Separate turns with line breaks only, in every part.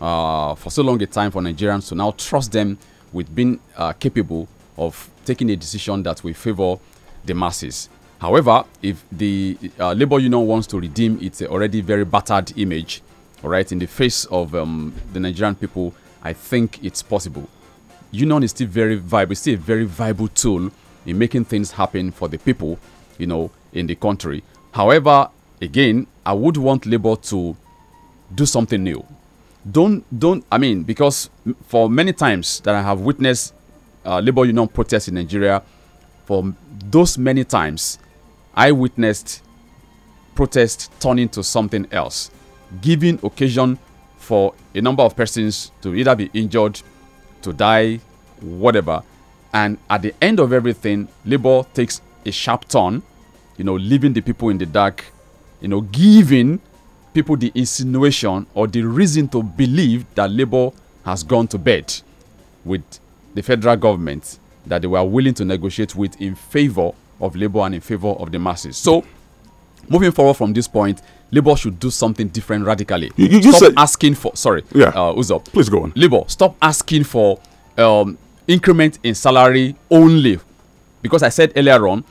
Uh, for so long a time for Nigerians to now trust them with being uh, capable of taking a decision that will favor the masses. However, if the uh, labor union wants to redeem its already very battered image, all right, in the face of um, the Nigerian people, I think it's possible. Union is still very viable, still a very viable tool in making things happen for the people, you know, in the country. However, again, I would want labor to do something new don't don't i mean because for many times that i have witnessed uh, labor union protests in nigeria for those many times i witnessed protest turning to something else giving occasion for a number of persons to either be injured to die whatever and at the end of everything labor takes a sharp turn you know leaving the people in the dark you know giving people the insinuation or the reason to believe that Labour has gone to bed with the federal government that they were willing to negotiate with in favour of Labour and in favour of the masses. So, moving forward from this point, Labour should do something different radically. You, you stop asking for sorry, yeah, uh, up? please go on. Labour, stop asking for um, increment in salary only, because I said earlier on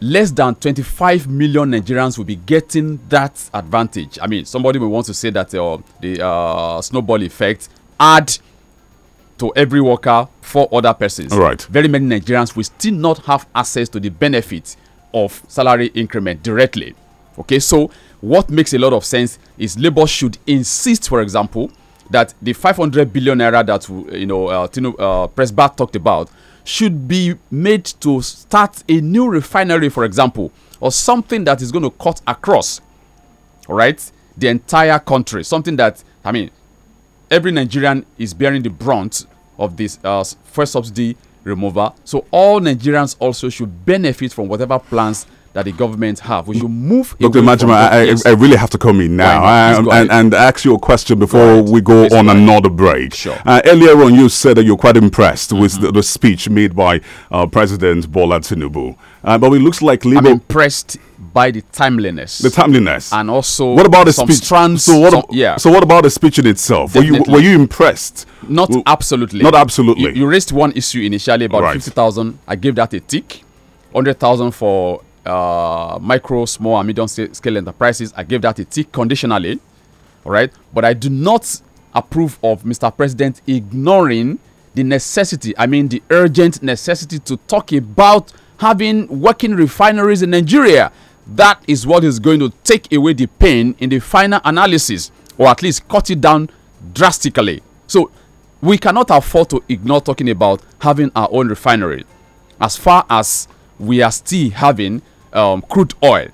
less than 25 million Nigerians will be getting that advantage. I mean, somebody may want to say that uh, the uh, snowball effect add to every worker for other persons. All right. Very many Nigerians will still not have access to the benefit of salary increment directly. Okay, so what makes a lot of sense is labor should insist, for example, that the 500 billion naira that uh, you know uh, Tino, uh, Presbat talked about should be made to start a new refinery, for example, or something that is going to cut across, right, the entire country. Something that, I mean, every Nigerian is bearing the brunt of this uh, first subsidy remover. So all Nigerians also should benefit from whatever plans that the government have. We should
move. Dr. Majima, I, I, really have to come in now right, and, and, ask you a question before right. we go Please on go another break. Sure. Uh, earlier on, you said that you're quite impressed mm -hmm. with mm-hmm. the, the, speech made by uh, President Bola Tinubu. Uh, but it looks like i I'm
impressed by the timeliness. The timeliness. And also what about the speech?
so what? Some, yeah. So what about the speech in itself? Definitely. Were you were you
impressed? Not well, absolutely. Not absolutely. You, you, raised one issue initially about right. fifty thousand. I gave that a tick. Hundred thousand for uh, micro, small, and medium scale enterprises. I gave that a tick conditionally. All right. But I do not approve of Mr. President ignoring the necessity, I mean, the urgent necessity to talk about having working refineries in Nigeria. That is what is going to take away the pain in the final analysis, or at least cut it down drastically. So, we cannot afford to ignore talking about having our own refinery. As far as we are still having um, crude oil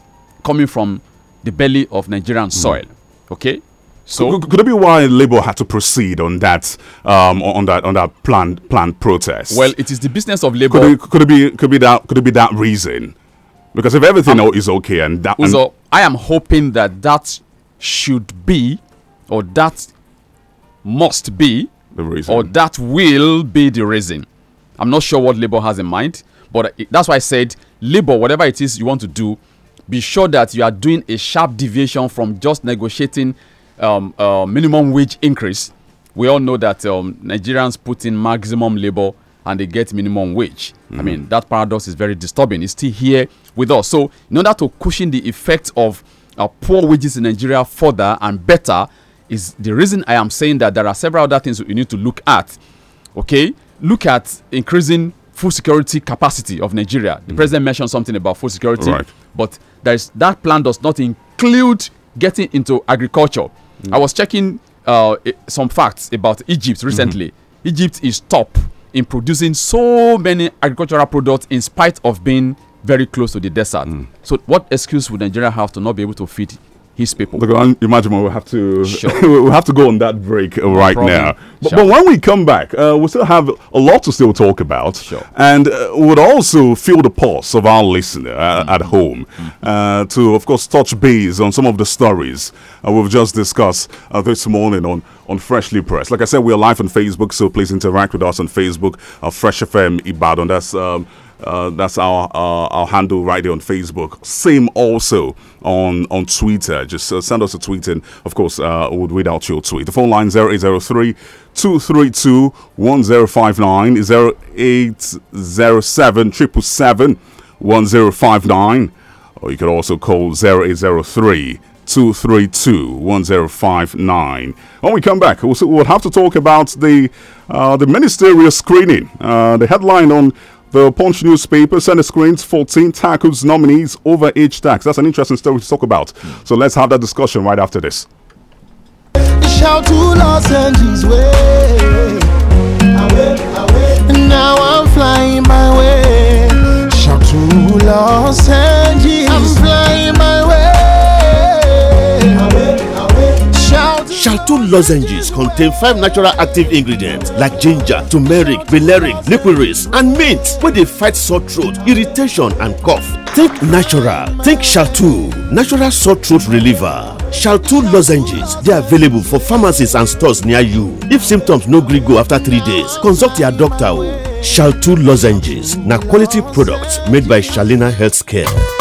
coming from the belly of Nigerian hmm. soil.
Mm. Okay. So could, could, it be why Labour had to proceed on that um, on that on that planned planned protest? Well,
it is the business
of Labour. Could, could it, be could be that could it be that reason? Because if everything um, is okay and that. So I am hoping that that should be, or that
must be, the reason, or that will be the reason. I'm not sure what Labour has in mind, but that's why I said labor, whatever it is you want to do, be sure that you are doing a sharp deviation from just negotiating um, uh, minimum wage increase. We all know that um, Nigerians put in maximum labor and they get minimum wage. Mm. I mean, that paradox is very disturbing. It's still here with us. So, in order to cushion the effect of uh, poor wages in Nigeria further and better, is the reason I am saying that there are several other things you need to look at. Okay, look at increasing food security capacity of Nigeria. The mm. president mentioned something about food security, right. but there is that plan does not include getting into agriculture. Mm. I was checking uh, some facts about Egypt mm-hmm. recently. Mm -hmm. Egypt is top in producing so many agricultural products in spite of being very close to the desert. Mm. So, what excuse would Nigeria
have to not be able to feed his people. The We'll have to sure. we'll have to go on that break no right problem. now. But, sure. but, when we come back, uh, we still have a lot to still talk about, sure. and uh, would also feel the pulse of our listener uh, mm -hmm. at home mm -hmm. to, of course, touch base on some of the stories uh, we've just discussed uh, this morning on on Freshly Pressed. Like I said, we're live on Facebook, so please interact with us on Facebook, Fresh FM Ibadan. That's um, that's our our handle right there on Facebook. Same also on on Twitter. Just uh, send us a tweet, and of course, uh, would we'll read out your tweet. The phone line 0803 232 1059 0807 1059. Or you could also call 0803 232 1059. When we come back, we'll, we'll have to talk about the uh, the ministerial screening. Uh, the headline on the Punch newspaper center screens 14 tackles nominees over age tax. That's an interesting story to talk about. So let's have that discussion right after this.
lozenges contain five natural active ingredients like ginger turmeric valeric licorice and mint wey dey fight sore throat irritation and cough. think natural think shaltu natural sore throat reliever. Shaltu lozenges dey available for pharmacies and stores near you. If symptoms no gree go after three days, consult your doctor o. Oh. Shaltu lozenges na quality product made by Shalina Healthcare.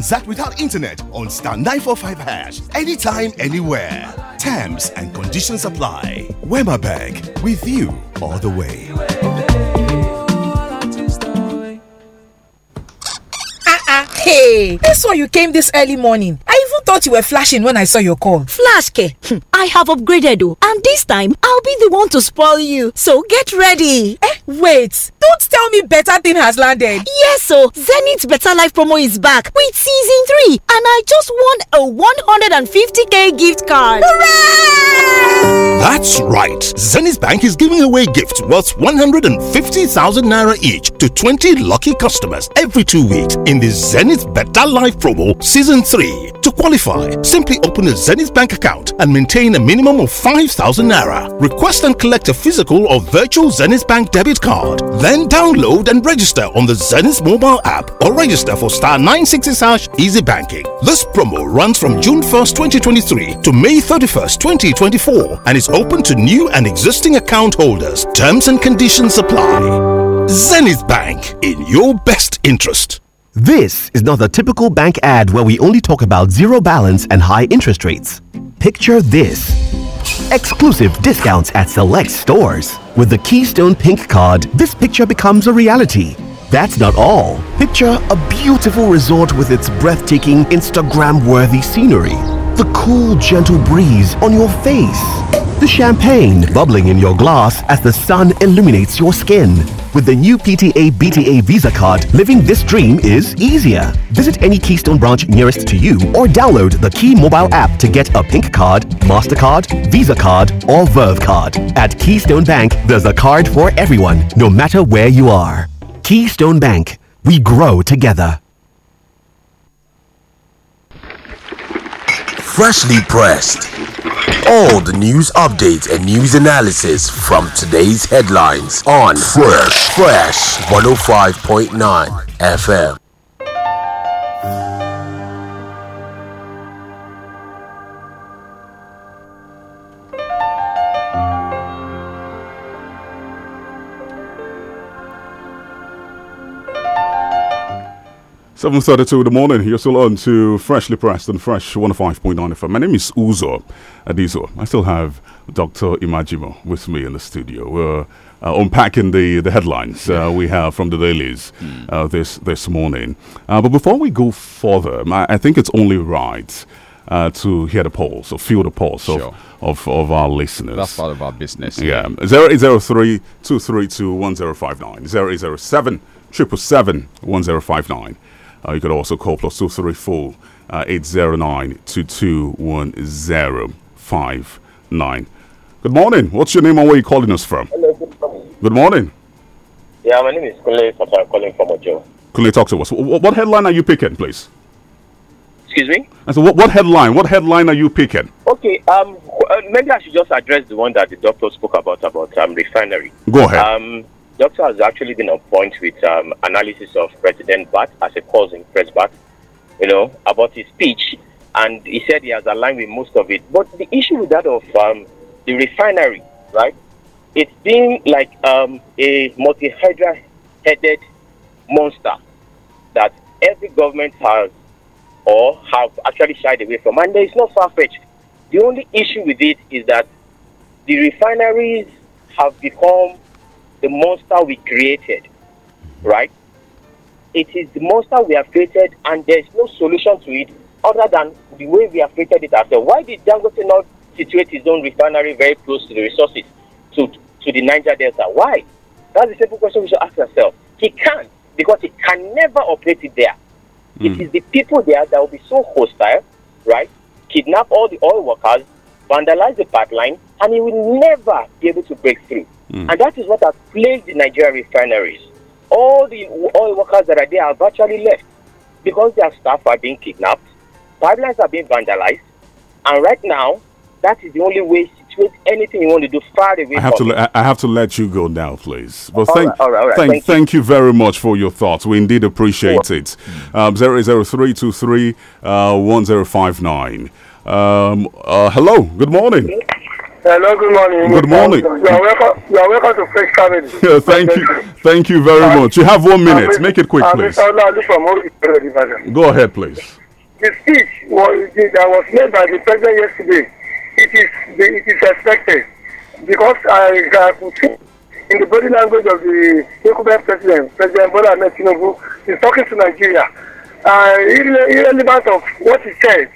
transact without internet on star 945 hash anytime, anywhere. Terms and conditions apply. Wema Bank with you all the way.
Uh-uh. Hey, that's why you came this early morning. I thought you were flashing when I saw your call. Flash, Ke. Hm, I have upgraded, oh, and this time I'll be the one to spoil you. So get ready. Eh? Wait, don't tell me better thing has landed. Yes, so Zenith Better Life promo is back with season 3, and I just
won a 150k gift card. Hooray!
That's right. Zenith Bank is giving away gifts worth 150,000 naira each to 20 lucky customers every two weeks in the Zenith Better Life promo season 3 to qualify qualify, simply open a Zenith Bank account and maintain a minimum of 5,000 Naira. Request and collect a physical or virtual Zenith Bank debit card. Then download and register on the Zenith mobile app or register for star 960 hash easy banking. This promo runs from June 1st, 2023 to May 31st, 2024 and is open to new and existing account holders. Terms and conditions apply. Zenith Bank
in your best interest. This is not the typical bank ad where we only talk about zero balance and high interest rates. Picture this exclusive discounts at select stores. With the Keystone Pink card, this picture becomes a reality. That's not all. Picture a beautiful resort with its breathtaking, Instagram worthy scenery, the cool, gentle breeze on your face the champagne bubbling in your glass as the sun illuminates your skin. With the new PTA BTA Visa card, living this dream is easier. Visit any Keystone branch nearest to you or download the Key mobile app to get a pink card, MasterCard, Visa card, or Verve card. At Keystone Bank, there's a card for everyone, no matter where you are. Keystone Bank, we grow together.
Freshly pressed all the news updates and news analysis from today's headlines on Fresh
Fresh
105.9
FM.
7.32 in the morning, you're still on to Freshly Pressed and Fresh 105.9 FM. My name is Uzo Adizo. I still have Dr. Imajimo with me in the studio. We're uh, unpacking the, the headlines uh, we have from the dailies uh, hmm. this, this morning. Uh, but before we go further, I, I think it's only right uh, to hear the pulse or feel the pulse sure. of of, of our listeners. That's part of our business. Yeah. 0803 232 1059. 0807 777 1059. Uh, you could also call plus 234 uh, 809 221059. Good morning. What's your name and where are you calling us from? Hello, good morning. Good morning.
Yeah, my name is Kule I'm calling from Ojo.
Kule, talk to us. What headline are you picking, please? Excuse me? And so, what, what headline? What headline are you picking?
Okay, um, uh, maybe I should just address the one that the doctor spoke about about um, refinery. Go ahead. Um, Doctor has actually been on point with um, analysis of President Bat as a cause in Press back, you know, about his speech. And he said he has aligned with most of it. But the issue with that of um, the refinery, right? It's been like um, a hydra headed monster that every government has or have actually shied away from. And it's not far fetched. The only issue with it is that the refineries have become the monster we created, right? It is the monster we have created, and there's no solution to it other than the way we have created it ourselves. Why did Dangote not situate his own refinery very close to the resources, to, to the Niger Delta? Why? That's the simple question we should ask ourselves. He can't, because he can never operate it there. Mm. It hmm. is the people there that will be so hostile, right? Kidnap all the oil workers, vandalize the pipeline, and he will never be able to break through. Mm. And that is what has plagued the Nigerian refineries. All the oil workers that are there have virtually left because their staff are being kidnapped, pipelines are being vandalized, and right now, that is the only way to with anything you want to do far away. I have to.
I have to let you go now, please. But all thank, right, all right, all right. Thank, thank, you. thank, you. very much for your thoughts. We indeed appreciate sure. it. Um, uh, one zero five nine. Um, uh, hello. Good morning. Okay.
Hello, good morning. Good morning. You are welcome, you are welcome to Fresh Family. Yeah, thank you.
Thank you very uh, much. You have one minute. Uh, Make it quick, uh, please. Go ahead, please.
The speech was, that was made by the president yesterday, it is, it is expected because I, I could see in the body language of the incumbent president, President Bola Tinubu, he's talking to Nigeria. Uh, irrelevant of what he said,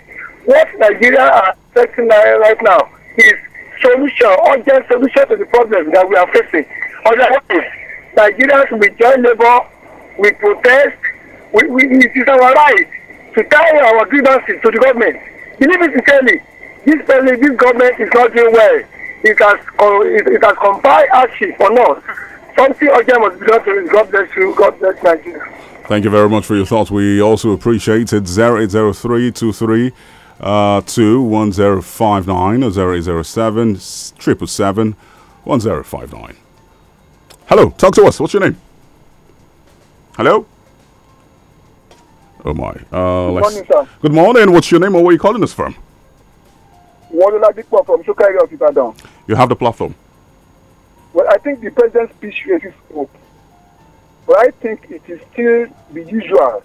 what Nigeria are expecting right now is solution, urgent solution to the problems that we are facing. Otherwise, Nigerians will join labor, we protest, we, we, it is our right to tie our grievances to the government. Believe me sincerely, this, this government is not doing well. It has, it, it has compiled hardship on us. Something urgent must be done to it. God bless you. God bless Nigeria.
Thank you very much for your thoughts. We also appreciate it. 0803 uh, to 1059 0807 1059. Hello, talk to us. What's your name? Hello? Oh my. Uh, good morning, sir. Good morning. What's your name or where are you calling us from?
Wọlúládípọ̀ from Sókàrí of Ibadan.
You have the platform.
Well, I think the president's speech raises hope. But I think it is still the usual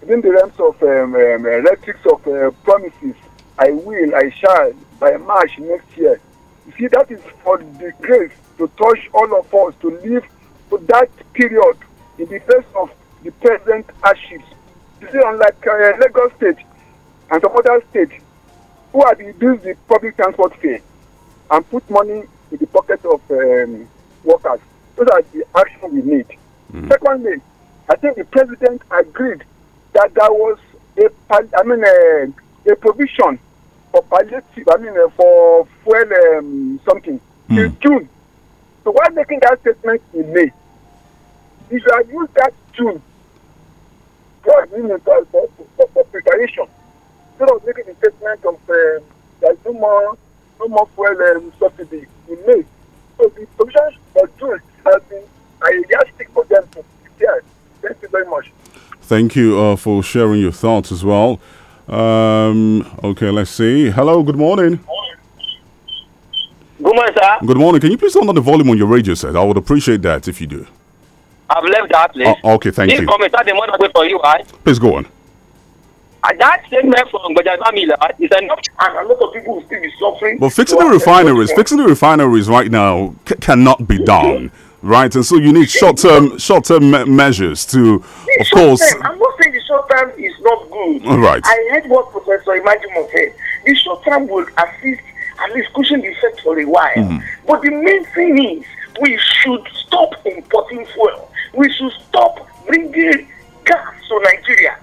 within the realms of um, um, of uh, promises, I will, I shall, by March next year. You see, that is for the grace to touch all of us to live for that period in the face of the present hardships. You see, unlike uh, Lagos State and some other states who have reduced the public transport fare and put money in the pocket of um, workers, those are the action we need. Mm. Secondly, I think the president agreed that there was a I mean a, uh, a provision for palliative, I mean uh, for fuel um, something mm. in June. So why making that statement in May? If you had used that June, I in for, for, for preparation, instead of making the statement of uh, um, there's no more no more fuel um, subsidy in May. So the provision for June has been a for them to prepare. Thank you very much.
Thank you uh, for sharing your thoughts as well. Um, okay, let's see. Hello, good morning.
Good morning, sir.
Good morning. Can you please turn down the volume on your radio set? I would appreciate that if you do.
I've left that
place. Uh, okay, thank this you. Comment,
the wait for you, right? Please go on. that from enough, and a lot of people will still be suffering. But fixing the refineries, fixing
the refineries right now cannot be done right? And so you need short-term short-term me- measures to, of course. Term,
I'm not saying the short term is not good. All right. I heard what Professor Imajimo said. The short term will assist at least cushion the effect for a while. Mm-hmm. But the main thing is we should stop importing fuel. We should stop bringing gas to Nigeria.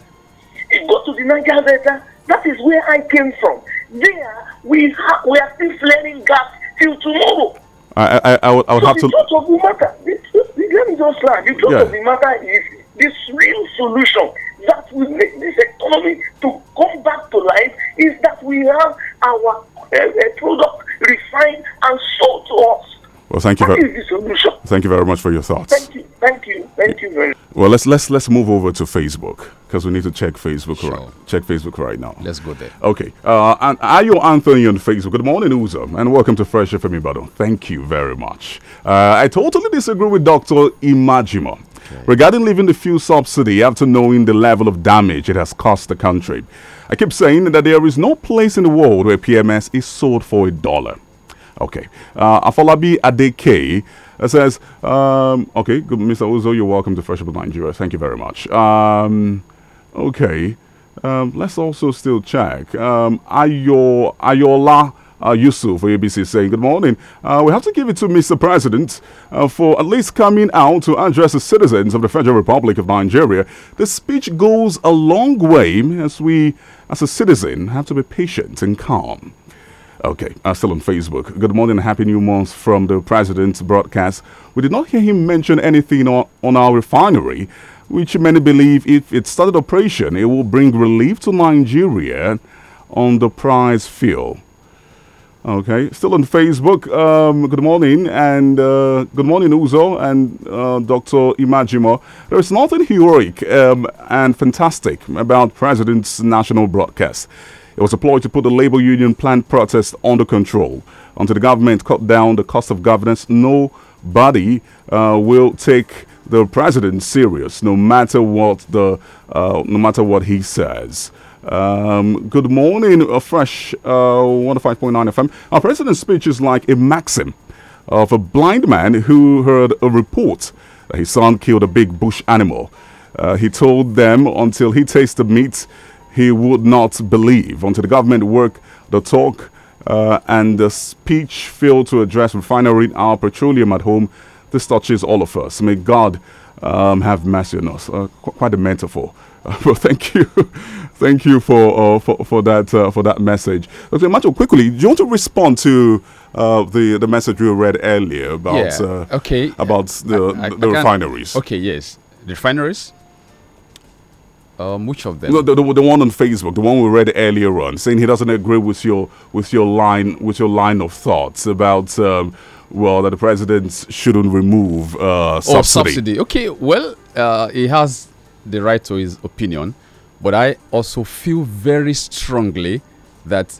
It got to the Niger Delta. That is where I came from. There we ha- we are still flaring gas till tomorrow.
I I, I, would, I would so have the to.
truth of the matter, the truth, let me just lie. The truth yeah. of the matter is this real solution that will make this economy to come back to life is that we have our uh, product refined and sold to us. Well, thank you. very,
Thank you very much for your thoughts. Thank you,
thank you, thank you very. Much.
Well, let's let's let's move over to Facebook because we need to check Facebook sure. right check Facebook right now. Let's go there. Okay, uh, and are you Anthony on Facebook? Good morning, Uzo, and welcome to Fresh FM Ibadan. Thank you very much. Uh, I totally disagree with Doctor Imajima. Okay. Regarding leaving the fuel subsidy after knowing the level of damage it has cost the country, I keep saying that there is no place in the world where PMS is sold for a dollar. Okay. Uh, Afolabi Adeke uh, says, um, okay, good, Mr. Uzo, you're welcome to Fresh Up Nigeria. Thank you very much. Um, okay. Um, let's also still check. Um, Ayo, Ayola uh, Yusuf for ABC saying, Good morning. Uh, we have to give it to Mr. President uh, for at least coming out to address the citizens of the Federal Republic of Nigeria. The speech goes a long way as we, as a citizen, have to be patient and calm. Okay, uh, still on Facebook. Good morning, happy new month from the president's broadcast. We did not hear him mention anything on, on our refinery, which many believe if it started operation, it will bring relief to Nigeria on the price fuel. Okay, still on Facebook. Um, good morning, and uh, good morning, Uzo and uh, Dr. Imajimo. There is nothing heroic um, and fantastic about President's national broadcast. It was a ploy to put the labor union planned protest under control. Until the government cut down the cost of governance, nobody uh, will take the president serious, no matter what the uh, no matter what he says. Um, good morning, a Fresh uh, 105.9 FM. Our president's speech is like a maxim of a blind man who heard a report that his son killed a big bush animal. Uh, he told them until he tasted meat, he would not believe. Until the government work, the talk, uh, and the speech failed to address refinery our petroleum at home, this touches all of us. May God um, have mercy on us. Uh, qu quite a metaphor. Uh, well, thank you, thank you for uh, for, for that uh, for that message. Okay, Macho, quickly, do you want to respond to uh, the the message we read earlier about yeah, okay about the, I, I, the I refineries?
Okay, yes, refineries. Um, uh, which of them? No, the,
the, the, one on Facebook, the one we read earlier on, saying he doesn't agree with your with your line with your line of thoughts about um, well that the president shouldn't remove uh, oh, subsidy. subsidy.
Okay, well uh, he has the right to his opinion, but I also feel very strongly that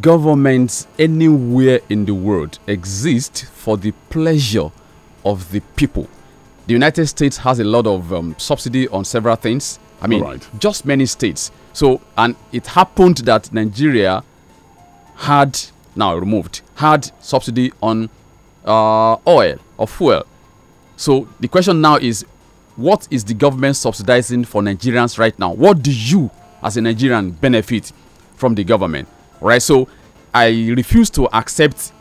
governments anywhere in the world exist for the pleasure of the people. The United States has a lot of um, subsidy on several things I mean, right. just many states. So, and it happened that Nigeria had now removed had subsidy on uh, oil or fuel. So the question now is, what is the government subsidizing for Nigerians right now? What do you, as a Nigerian, benefit from the government? Right. So I refuse to accept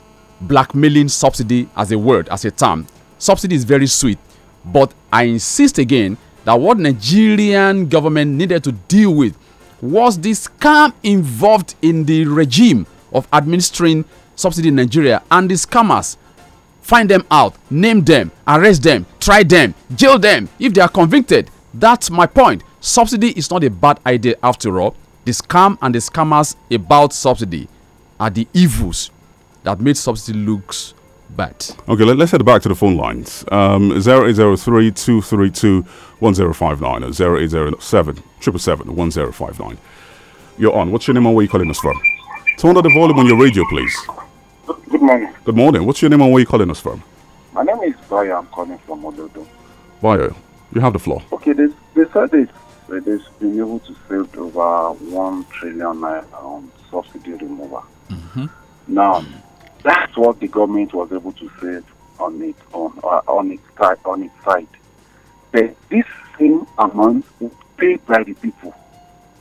blackmailing subsidy as a word, as a term. Subsidy is very sweet, but I insist again that what Nigerian government needed to deal with was the scam involved in the regime of administering subsidy in Nigeria and the scammers. Find them out, name them, arrest them, try them, jail them if they are convicted. That's my point. Subsidy is not a bad idea after all. The scam and the scammers about subsidy are the evils that made subsidy looks
okay, let, us head back to the phone lines. Um, 0803 or 0807 You're on. What's your name and where are you calling us from? Turn down the volume on your radio, please. Good morning. Good morning. What's your name and where are you calling us from?
My name is Bayo. I'm calling from Ododo.
Bayo, you have the floor.
Okay, they, they said it. They, they've been able to save over 1 trillion on subsidy removal. Mm-hmm. Now, that's what the government was able to say on its own uh, on its side on its side. But this same amount was paid by the people,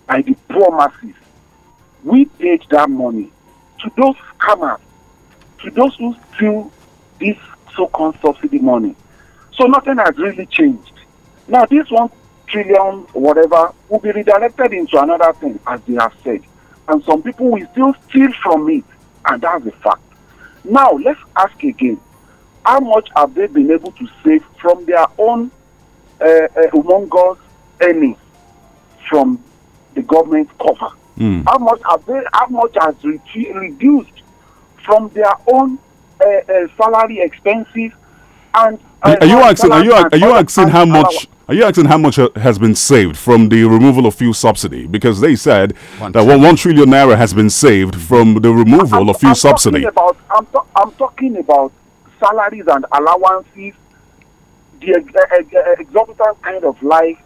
by the poor masses. We paid that money to those scammers, to those who steal this so-called subsidy money. So nothing has really changed. Now this one trillion whatever will be redirected into another thing, as they have said. And some people will still steal from it, and that's a fact. Now, let's ask again how much have they been able to save from their own uh, uh, humongous earnings from the government cover? Mm. How much have they, how much has reduced from their own uh, uh salary expenses and are, you asking? Are you are you asking how much?
Are you asking how much uh, has been saved from the removal of fuel subsidy? Because they said one that one trillion naira has been saved from the removal I'm, of fuel I'm subsidy. About, I'm,
I'm talking about salaries and allowances, the ex ex ex exorbitant kind of life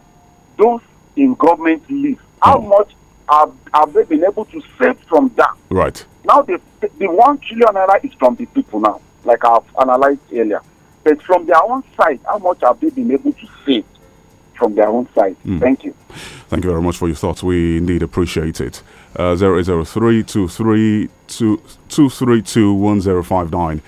those in government live. How oh. much have, have they been able to save from that? Right. Now, the, the one trillion naira is from the people now, like I've analyzed earlier. But from their own side, how much have they been able to save from their own side? Mm. Thank you.
Thank you very much for your thoughts. We indeed appreciate it. Uh, 003 or 0807 777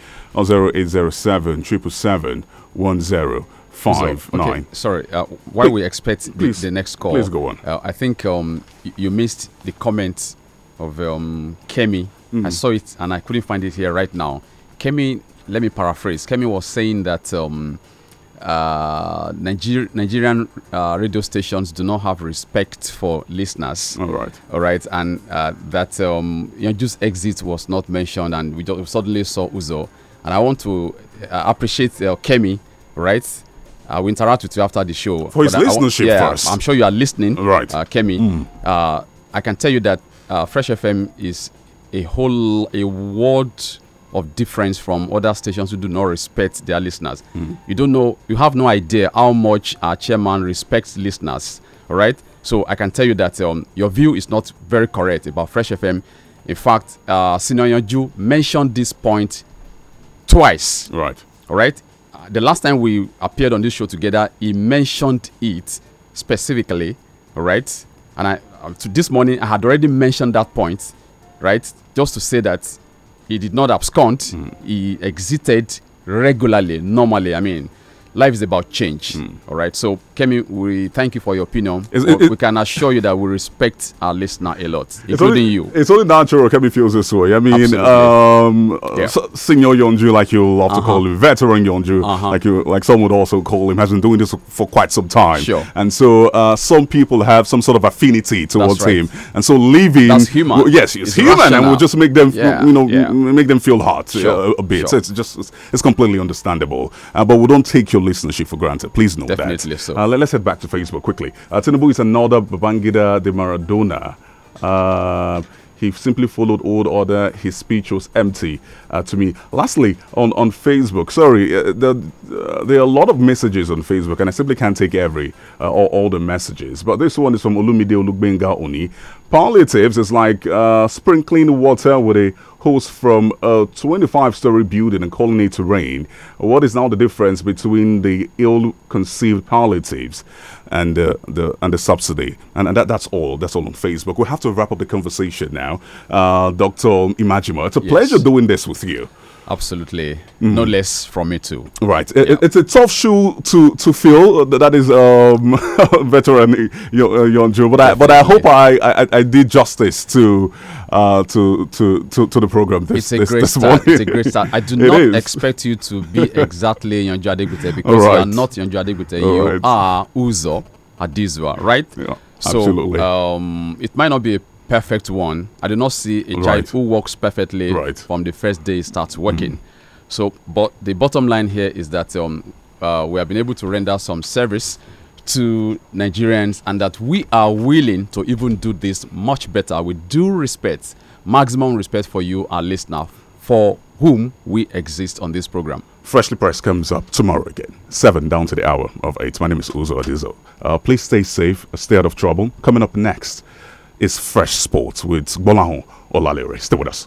so, okay, nine.
Sorry, uh, while we expect please, the, next call, please go on. Uh, I think um, you missed the comment of um, Kemi. Mm I hmm. saw it and I couldn't find it here right now. Kemi let me paraphrase. Kemi was saying that um, uh, Niger Nigerian uh, radio stations do not have respect for listeners. All right. All right. And uh, that um, just exit was not mentioned, and we, we suddenly saw Uzo. And I want to uh, appreciate uh, Kemi, right? I uh, will interact with you after the show. For his listenership yeah, first. I'm sure you are listening, right, Kemi. Mm. I can tell you that Fresh FM is a whole a world of difference from other stations who do not respect their listeners. Mm. You don't know, you have no idea how much our chairman respects listeners, all right? So I can tell you that um, your view is not very correct about Fresh FM. In fact, uh, Sinoyonju mentioned this point twice. Right. All right. the last time we appeared on this show together, he mentioned it specifically. All right. And I, uh, to this morning, I had already mentioned that point, right? Just to say that he did not abscond. Mm. He exited regularly, normally. I mean, life is about change. Mm. All right. So, Kemi, we thank you for your opinion. It, it, we can assure you that we respect our listener a lot, including only, you.
It's only natural Kemi feels this way. I mean, um, yeah. Senior Yonju, like you love uh -huh. to uh-huh. call him, veteran Yonju, uh -huh. like you, like some would also call him, has been doing this for quite some time. Sure. And so, uh, some people have some sort of affinity towards right. him, and so leaving. That's human. Well, yes, he's it's human, rational. and we'll just make them, yeah. you know, yeah. make them feel hot uh, sure. a bit. Sure. So it's just it's, completely understandable, uh, but we don't take your listenership for granted. Please know Definitely that. Definitely so. Uh, let, us head back to Facebook quickly. Uh, Tinubu is another Babangida de Maradona. Uh, he simply followed old order. His speech was empty uh, to me. Lastly, on, on Facebook, sorry, uh, the, uh, there are a lot of messages on Facebook, and I simply can't take every uh, or all the messages. But this one is from Olumide Olugbenga Oni. Palliatives is like uh, sprinkling water with a who's from a 25 story building in colony terrain. What is now the difference between the ill conceived palliatives? and uh, the and the subsidy. And, and that, that's all. That's all on Facebook. We have to wrap up the conversation now. Uh, Dr. Imajima, it's a yes. pleasure doing this with you. Absolutely, mm. no less from me too. Right, it, it's a tough shoe to to fill. Uh, that is um, veteran uh, uh, Yonju, but I but I hope I, I, I did justice to uh, to, to to to the program. This, it's a this, great this start. Morning. It's a great start. I do not
expect you to be exactly Yonju Adegbite because right. you are not Yonju Adegbite. You right. are Uzo Adizwa, right? Yeah, so, absolutely. Um, it might not be a perfect one. I do not see a right. child who works perfectly right. from the first day starts working. Mm. So, but the bottom line here is that um, uh, we have been able to render some service to Nigerians and that we are willing to even do this much better with due respect,
maximum respect for you,
our listener, for whom we exist on this program.
Freshly Pressed comes up tomorrow again, 7 down to the hour of 8. My name is Uzo Adizo. Uh, please stay safe, stay out of trouble. Coming up next, is Fresh Sports with Bolahon Olalere. Stay with us.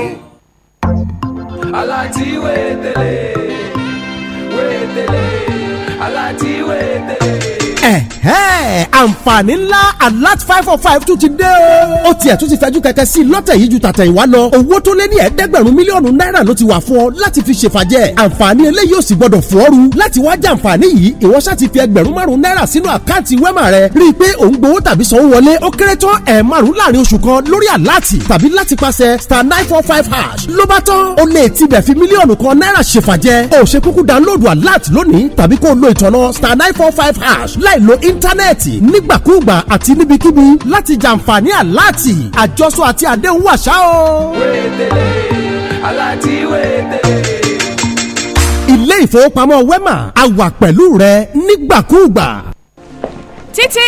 alati wetele wetele alati wetele.
àǹfààní ńlá alert five four five tún ti dé o. ó tiẹ̀ tún ti fẹ́jú kẹ̀kẹ́ sí lọ́tẹ̀ yìí ju tàtẹ̀yìnwá lọ. owó tó lé ní ẹ̀ẹ́dẹ́gbẹ̀rún mílíọ̀nù náírà ló ti wà fún ọ láti fi ṣèfàjẹ́. àǹfààní eléyìí ò sì gbọdọ̀ fún ọ́rù. láti wá jẹ àǹfààní yìí ìwọ ṣáà ti fi ẹgbẹ̀rún márùn náírà sínú àkáǹtì wẹ́mà rẹ. rí i pé ò ń gbowó tàbí sanwó wọlé ó kéré tán ẹ̀ márùn láàrin oṣù kan lórí àláàtì tàbí láti pàṣẹ star nine four five hash ló bá tán. o lè tibẹ̀ fi mílíọ̀nù kan náírà ṣèfàjẹ́. o ṣe kúkú download alert lónìí tàbí kó o lo ìtọ̀nà star nine four five hash láì lo íńtánẹ́ẹ̀tì nígbàkúùgbà àti níbikíbi láti jàǹfààní àláàtì àjọsọ àti àdéhùn àṣà o. wéètèlè aláàtì wéètèlè ilé ìfowópamọ́ wema a wà pẹ̀lú rẹ nígbàkúùgbà.
títí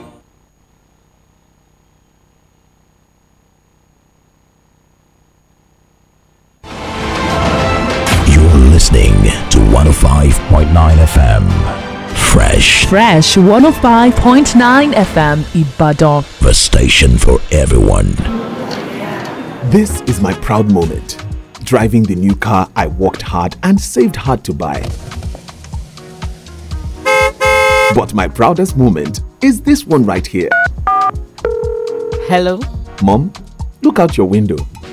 105.9 FM. Fresh. Fresh 105.9
FM Ibadan.
The station
for everyone.
This is my proud moment. Driving the new car I worked hard and saved hard to buy. But my proudest moment is
this one right here. Hello? Mom, look out your window.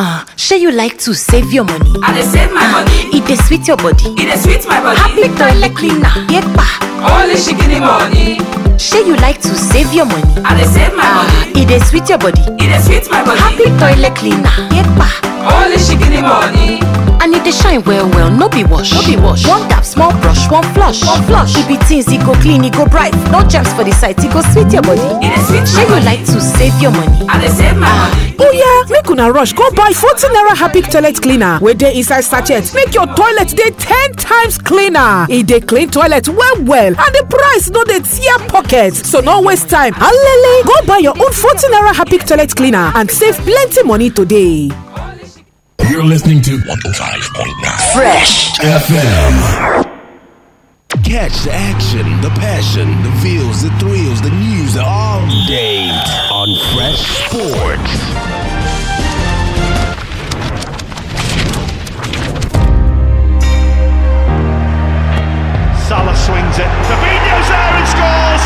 Uh, ah, sure you like to
save your money. I dey save my uh, money. It dey sweet your body. It dey sweet my body. Happy toilet cleaner. Yepa. Only she give me money. Say you like to save your money. I dey save my uh, money. It dey sweet your body. It dey sweet my body. Happy toilet cleaner. Yepa. Only she give me money. And it dey shine well well, no be wash. No be wash. One dab, small brush, one flush. One flush. It be things, it go clean, it go bright. No germs for the site, it go sweet your body. It is sweet. Shey you like
to save your money? I dey save my money.
yeah, make una rush go buy 40 naira Happy toilet cleaner wey dey inside sachet. Make your toilet dey 10 times cleaner. E dey clean toilet well well and the price no dey tear pocket. So no waste time. Alele, go buy your own 40 naira Happy toilet cleaner and save plenty money today.
You're listening to 105.9
Fresh
FM.
Catch
the action, the passion, the feels, the thrills, the news all day
on Fresh Sports. Salah
swings it. Fabinho's there and scores.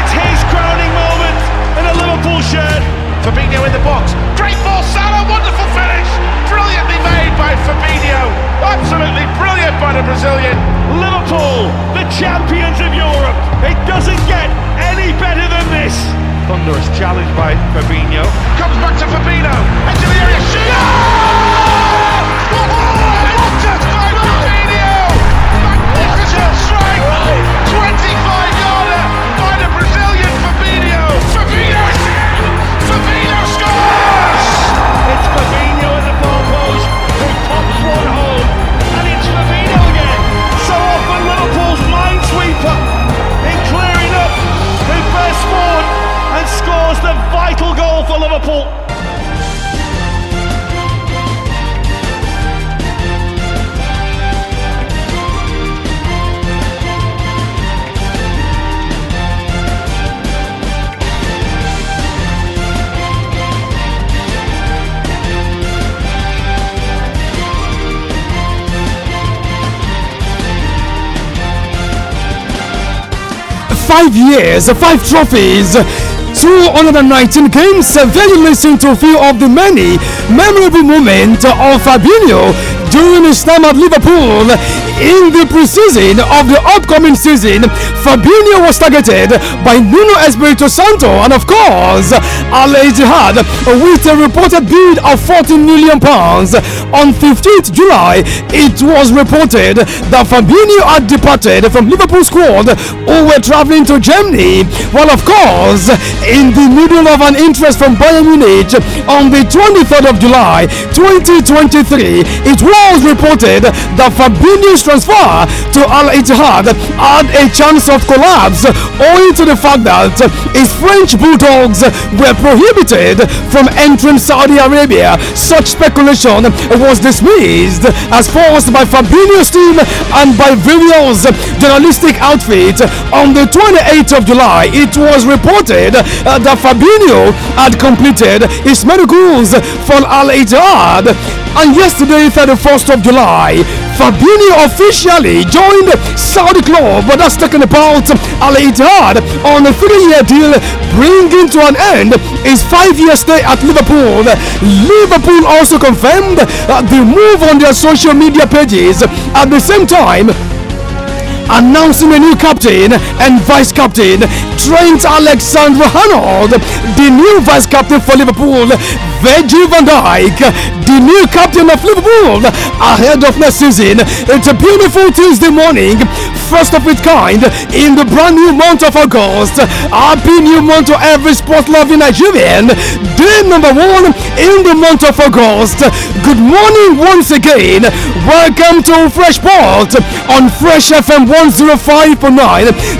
It's his crowning moment in a
Liverpool shirt. Fabinho in the box. Great ball, Salah. Wonderful finish by Fabinho. Absolutely brilliant by the Brazilian. Liverpool, the
champions of Europe. It doesn't get any better than this. Thunderous challenge by Fabinho. Comes back to Fabinho. Into
the area. Shoot! Oh! What a Magnificent strike! 25 yarder by the Brazilian Fabinho. Fabinho! Fabinho scores! It's Fabinho.
scores the vital goal for Liverpool.
five years, five trophies, 219 games. Then you listen to a few of the many memorable moments of Fabinho during his time at Liverpool. In the preseason of the upcoming season, Fabinho was targeted by Nuno Espirito Santo and, of course, Al Ittihad with a reported bid of 14 million pounds. On 15th July, it was reported that Fabinho had departed from Liverpool squad who were traveling to Germany. Well, of course, in the middle of an interest from Bayern Munich on the 23rd of July 2023, it was scores reported that Fabinho's transfer to Al Ittihad had a chance of collapse owing to the fact that his French Bulldogs were prohibited from entering Saudi Arabia. Such speculation was dismissed as forced by Fabinho's team and by Villiers' journalistic outfit. On the 28th of July, it was reported uh, that Fabinho had completed his medicals for Al Ittihad. And yesterday, 34 1st of July. Fabinho officially joined Saudi club But that's talking about Al Ittihad on a three-year deal bringing to an end his five-year stay at Liverpool. Liverpool also confirmed uh, the move on their social media pages. At the same time, announcing a new captain and vice captain, Trent Alexander Arnold, the new vice captain for Liverpool, Virgil van Dijk, the new captain of Liverpool, ahead of next season. It's a beautiful Tuesday morning, first of its kind in the brand new month of August. Happy new month to every sport loving Nigerian. Day number one in the month of August. Good morning once again. Welcome to Fresh Port on Fresh FM 105.9,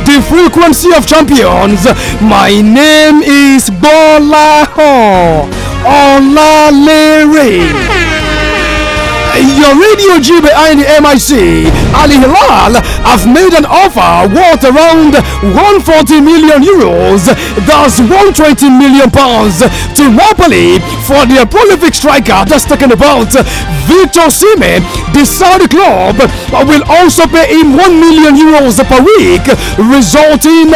the frequency of champions. My name is Bola Ho Olalere your radio G behind the MIC, Ali Hilal, have made an offer worth around 140 million euros, thus 120 million pounds to Napoli for their prolific striker. Just talking about Victor Sime. The Saudi club will also pay him 1 million euros per week, resulting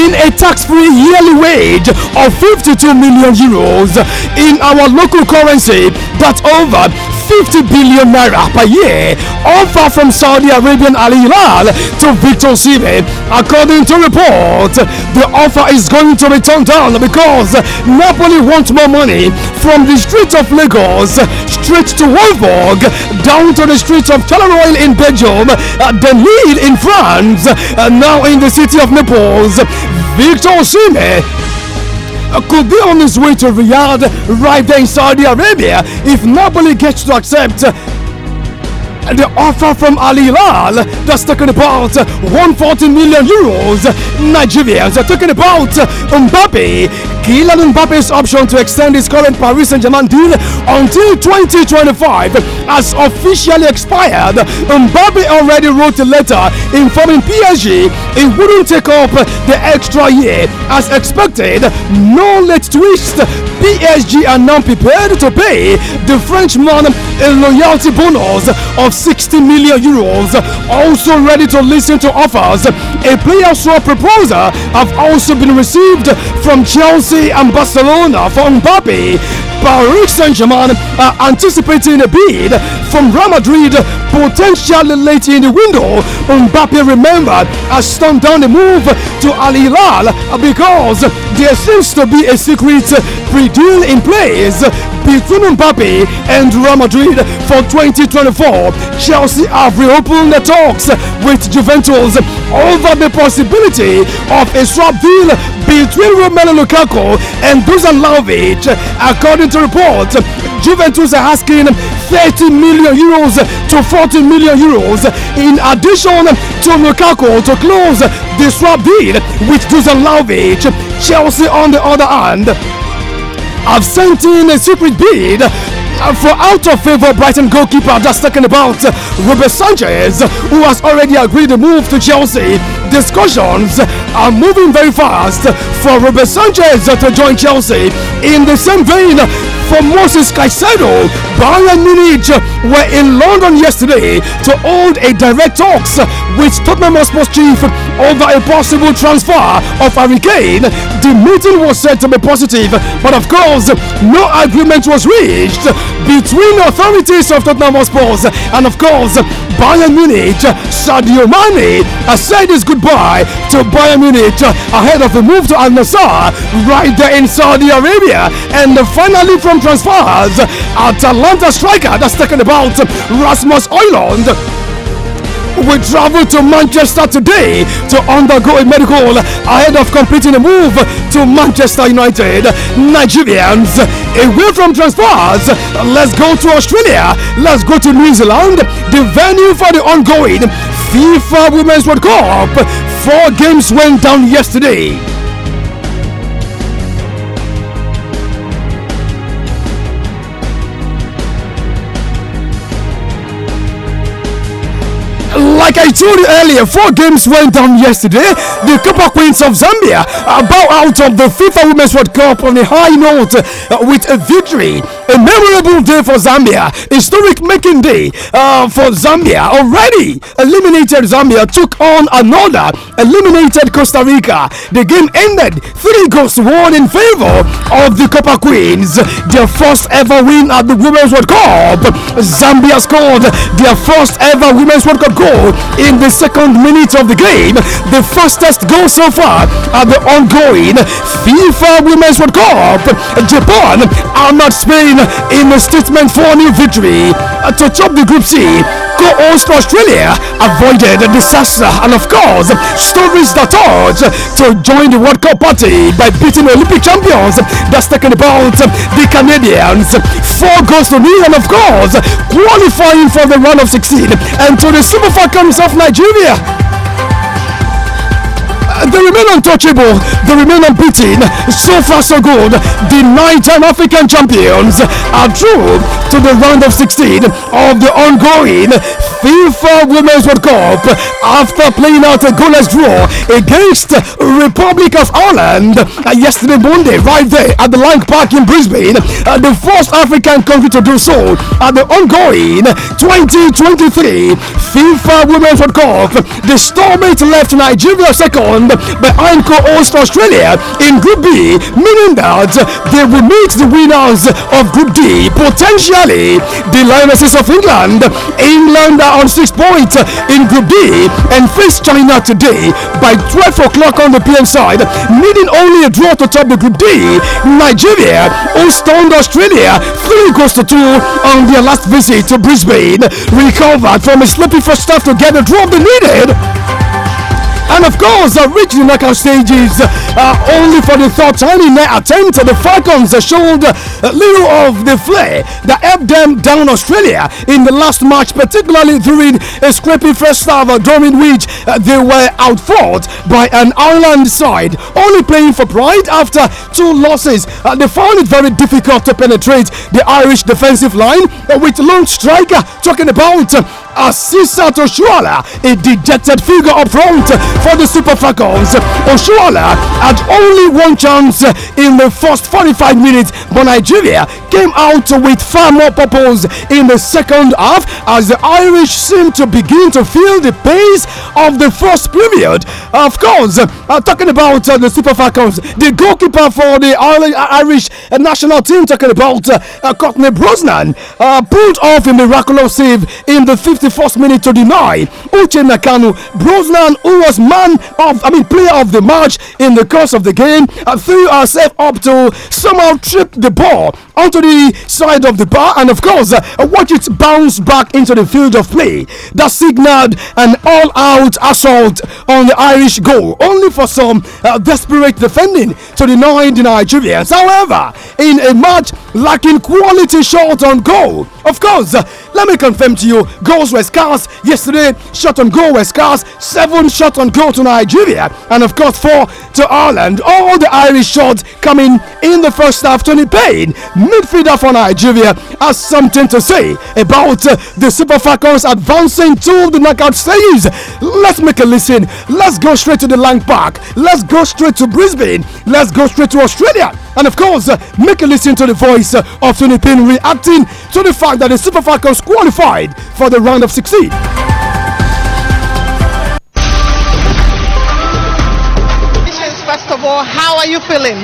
in a tax-free yearly wage of 52 million euros in our local currency that's over 50 billion naira per year offer from Saudi Arabian Al Hilal to Victor Sibe. According to report, the offer is going to be turned down because Napoli want more money from the streets of Lagos straight to Wolfsburg, down to the streets of Charleroi in Belgium, uh, then Lille in France, and uh, now in the city of Naples. Victor Osimhen could be on his way to Riyadh right there in Saudi Arabia if Napoli gets to accept the offer from Ali Lal, that's talking about 140 million euros. Nigerians are talking about Mbappe Kylian Mbappe's option to extend his current Paris Saint-Germain deal until 2025 has officially expired. Mbappe already wrote a letter informing PSG he wouldn't take up the extra year as expected. No late twist. PSG are now prepared to pay the Frenchman a loyalty bonus of 60 million euros. Also ready to listen to offers. A player swap proposal have also been received from Chelsea and Barcelona for Mbappe. Paris Saint-Germain are anticipating a bid from Real Madrid potentially late in the window. Mbappe, remembered, has turned down the move to Al Hilal because there seems to be a secret pre-deal in place between Mbappe and Real Madrid for 2024. Chelsea have reopened the talks with Juventus over the possibility of a swap deal between Romelu Lukaku and Dusan Lovic. According to reports, Juventus are asking 30 million euros to 40 million euros in addition to Lukaku to close the swap deal with Dusan Lovic. Chelsea Chelsea, on the other hand, have sent in a secret bid for out of favor Brighton goalkeeper just talking about Ruben Sanchez who has already agreed to move to Chelsea discussions are moving very fast for Ruben Sanchez to join Chelsea in the same vein for Moses Caicedo, Bayern Munich were in London yesterday to hold a direct talks with Tottenham Hotspur chief over a possible transfer of Harry Kane. The meeting was said to be positive, but of course, no agreement was reached between authorities of Tottenham Hotspur and, of course, Bayern Munich. Sadio Mane has said his goodbye to Bayern Munich ahead of the move to Al Nassr right there in Saudi Arabia. And finally, from transfers, Atalanta striker that's talking about Rasmus Oiland we travel to Manchester today to undergo a medical ahead of completing a move to Manchester United. Nigerians, away from transfers, let's go to Australia, let's go to New Zealand, the venue for the ongoing FIFA Women's World Cup. Four games went down yesterday. I told you earlier, four games went down yesterday. The Copper Queens of Zambia uh, bow out of the FIFA Women's World Cup on a high note uh, with a victory. A memorable day for Zambia, historic making day uh, for Zambia. Already eliminated Zambia took on another eliminated Costa Rica. The game ended three goals won one in favor of the Copper Queens. Their first ever win at the Women's World Cup. Zambia scored their first ever Women's World Cup goal in the second minute of the game. The fastest goal so far at the ongoing FIFA Women's World Cup. Japan are not Spain in a statement for a new victory uh, to top the Group C. Co-host Australia avoided disaster and of course stories that urge to join the World Cup party by beating Olympic champions that's talking about the Canadians. Four goals to nil and of course qualifying for the round of 16 and to the Super Falcons of Nigeria. Uh, they remain untouchable. They remain unbeaten. So far, so good. The nine-time African champions are through to the round of 16 of the ongoing FIFA Women's World Cup after playing out a goalless draw against Republic of Ireland uh, yesterday Monday, right there at the Lang Park in Brisbane, uh, the first African country to do so at the ongoing 2023 FIFA Women's World Cup. The Stormers left Nigeria second behind co-host Australia in Group B, meaning that they will meet the winners of Group D, potentially the Lionesses of England. England on six points uh, in Group D and face China today by 12 o'clock on the PM side, needing only a draw to top the Group D. Nigeria stunned Australia three goals to two on their last visit to Brisbane, recovered from a sloppy first half to get the draw they needed. And of course, uh, reaching the knockout stages uh, only for the third time in their attempt. The Falcons showed a little of the flair that helped them down Australia in the last match, particularly during a scrappy first half during which uh, they were outfought by an Ireland side, only playing for pride after two losses. Uh, they found it very difficult to penetrate the Irish defensive line, uh, with lone striker talking about a Caesar to a dejected figure up front for the Super Falcons. Oshuala had only one chance in the first 45 minutes, but Nigeria came out with far more purpose in the second half as the Irish seemed to begin to feel the pace of the first period. Of course, uh, talking about uh, the Super Falcons, the goalkeeper for the Irish national team, talking about uh, Courtney Brosnan, uh, pulled off a miraculous save in the fifth. 61st minute to deny Uche Nakano Brosnan, who was man of, I mean, player of the match in the course of the game, uh, threw herself up to somehow trip the ball onto the side of the bar and, of course, uh, watch it bounce back into the field of play. That signaled an all out assault on the Irish goal, only for some uh, desperate defending to deny the Nigerians. However, in a match lacking quality shot on goal, of course, uh, let me confirm to you, goals West were scarce yesterday, shot on goal were scarce, seven shots on goal to Nigeria, and of course, four to Ireland. All the Irish shots coming in the first half. Tony Payne, midfielder for Nigeria, has something to say about uh, the Super Falcons advancing to the knockout stages. Let's make a listen. Let's go straight to the Lang Park. Let's go straight to Brisbane. Let's go straight to Australia. And of course, uh, make a listen to the voice uh, of Tony Payne reacting to the fact that the Super Falcons qualified for the round of succeed.
First of all, how are you feeling?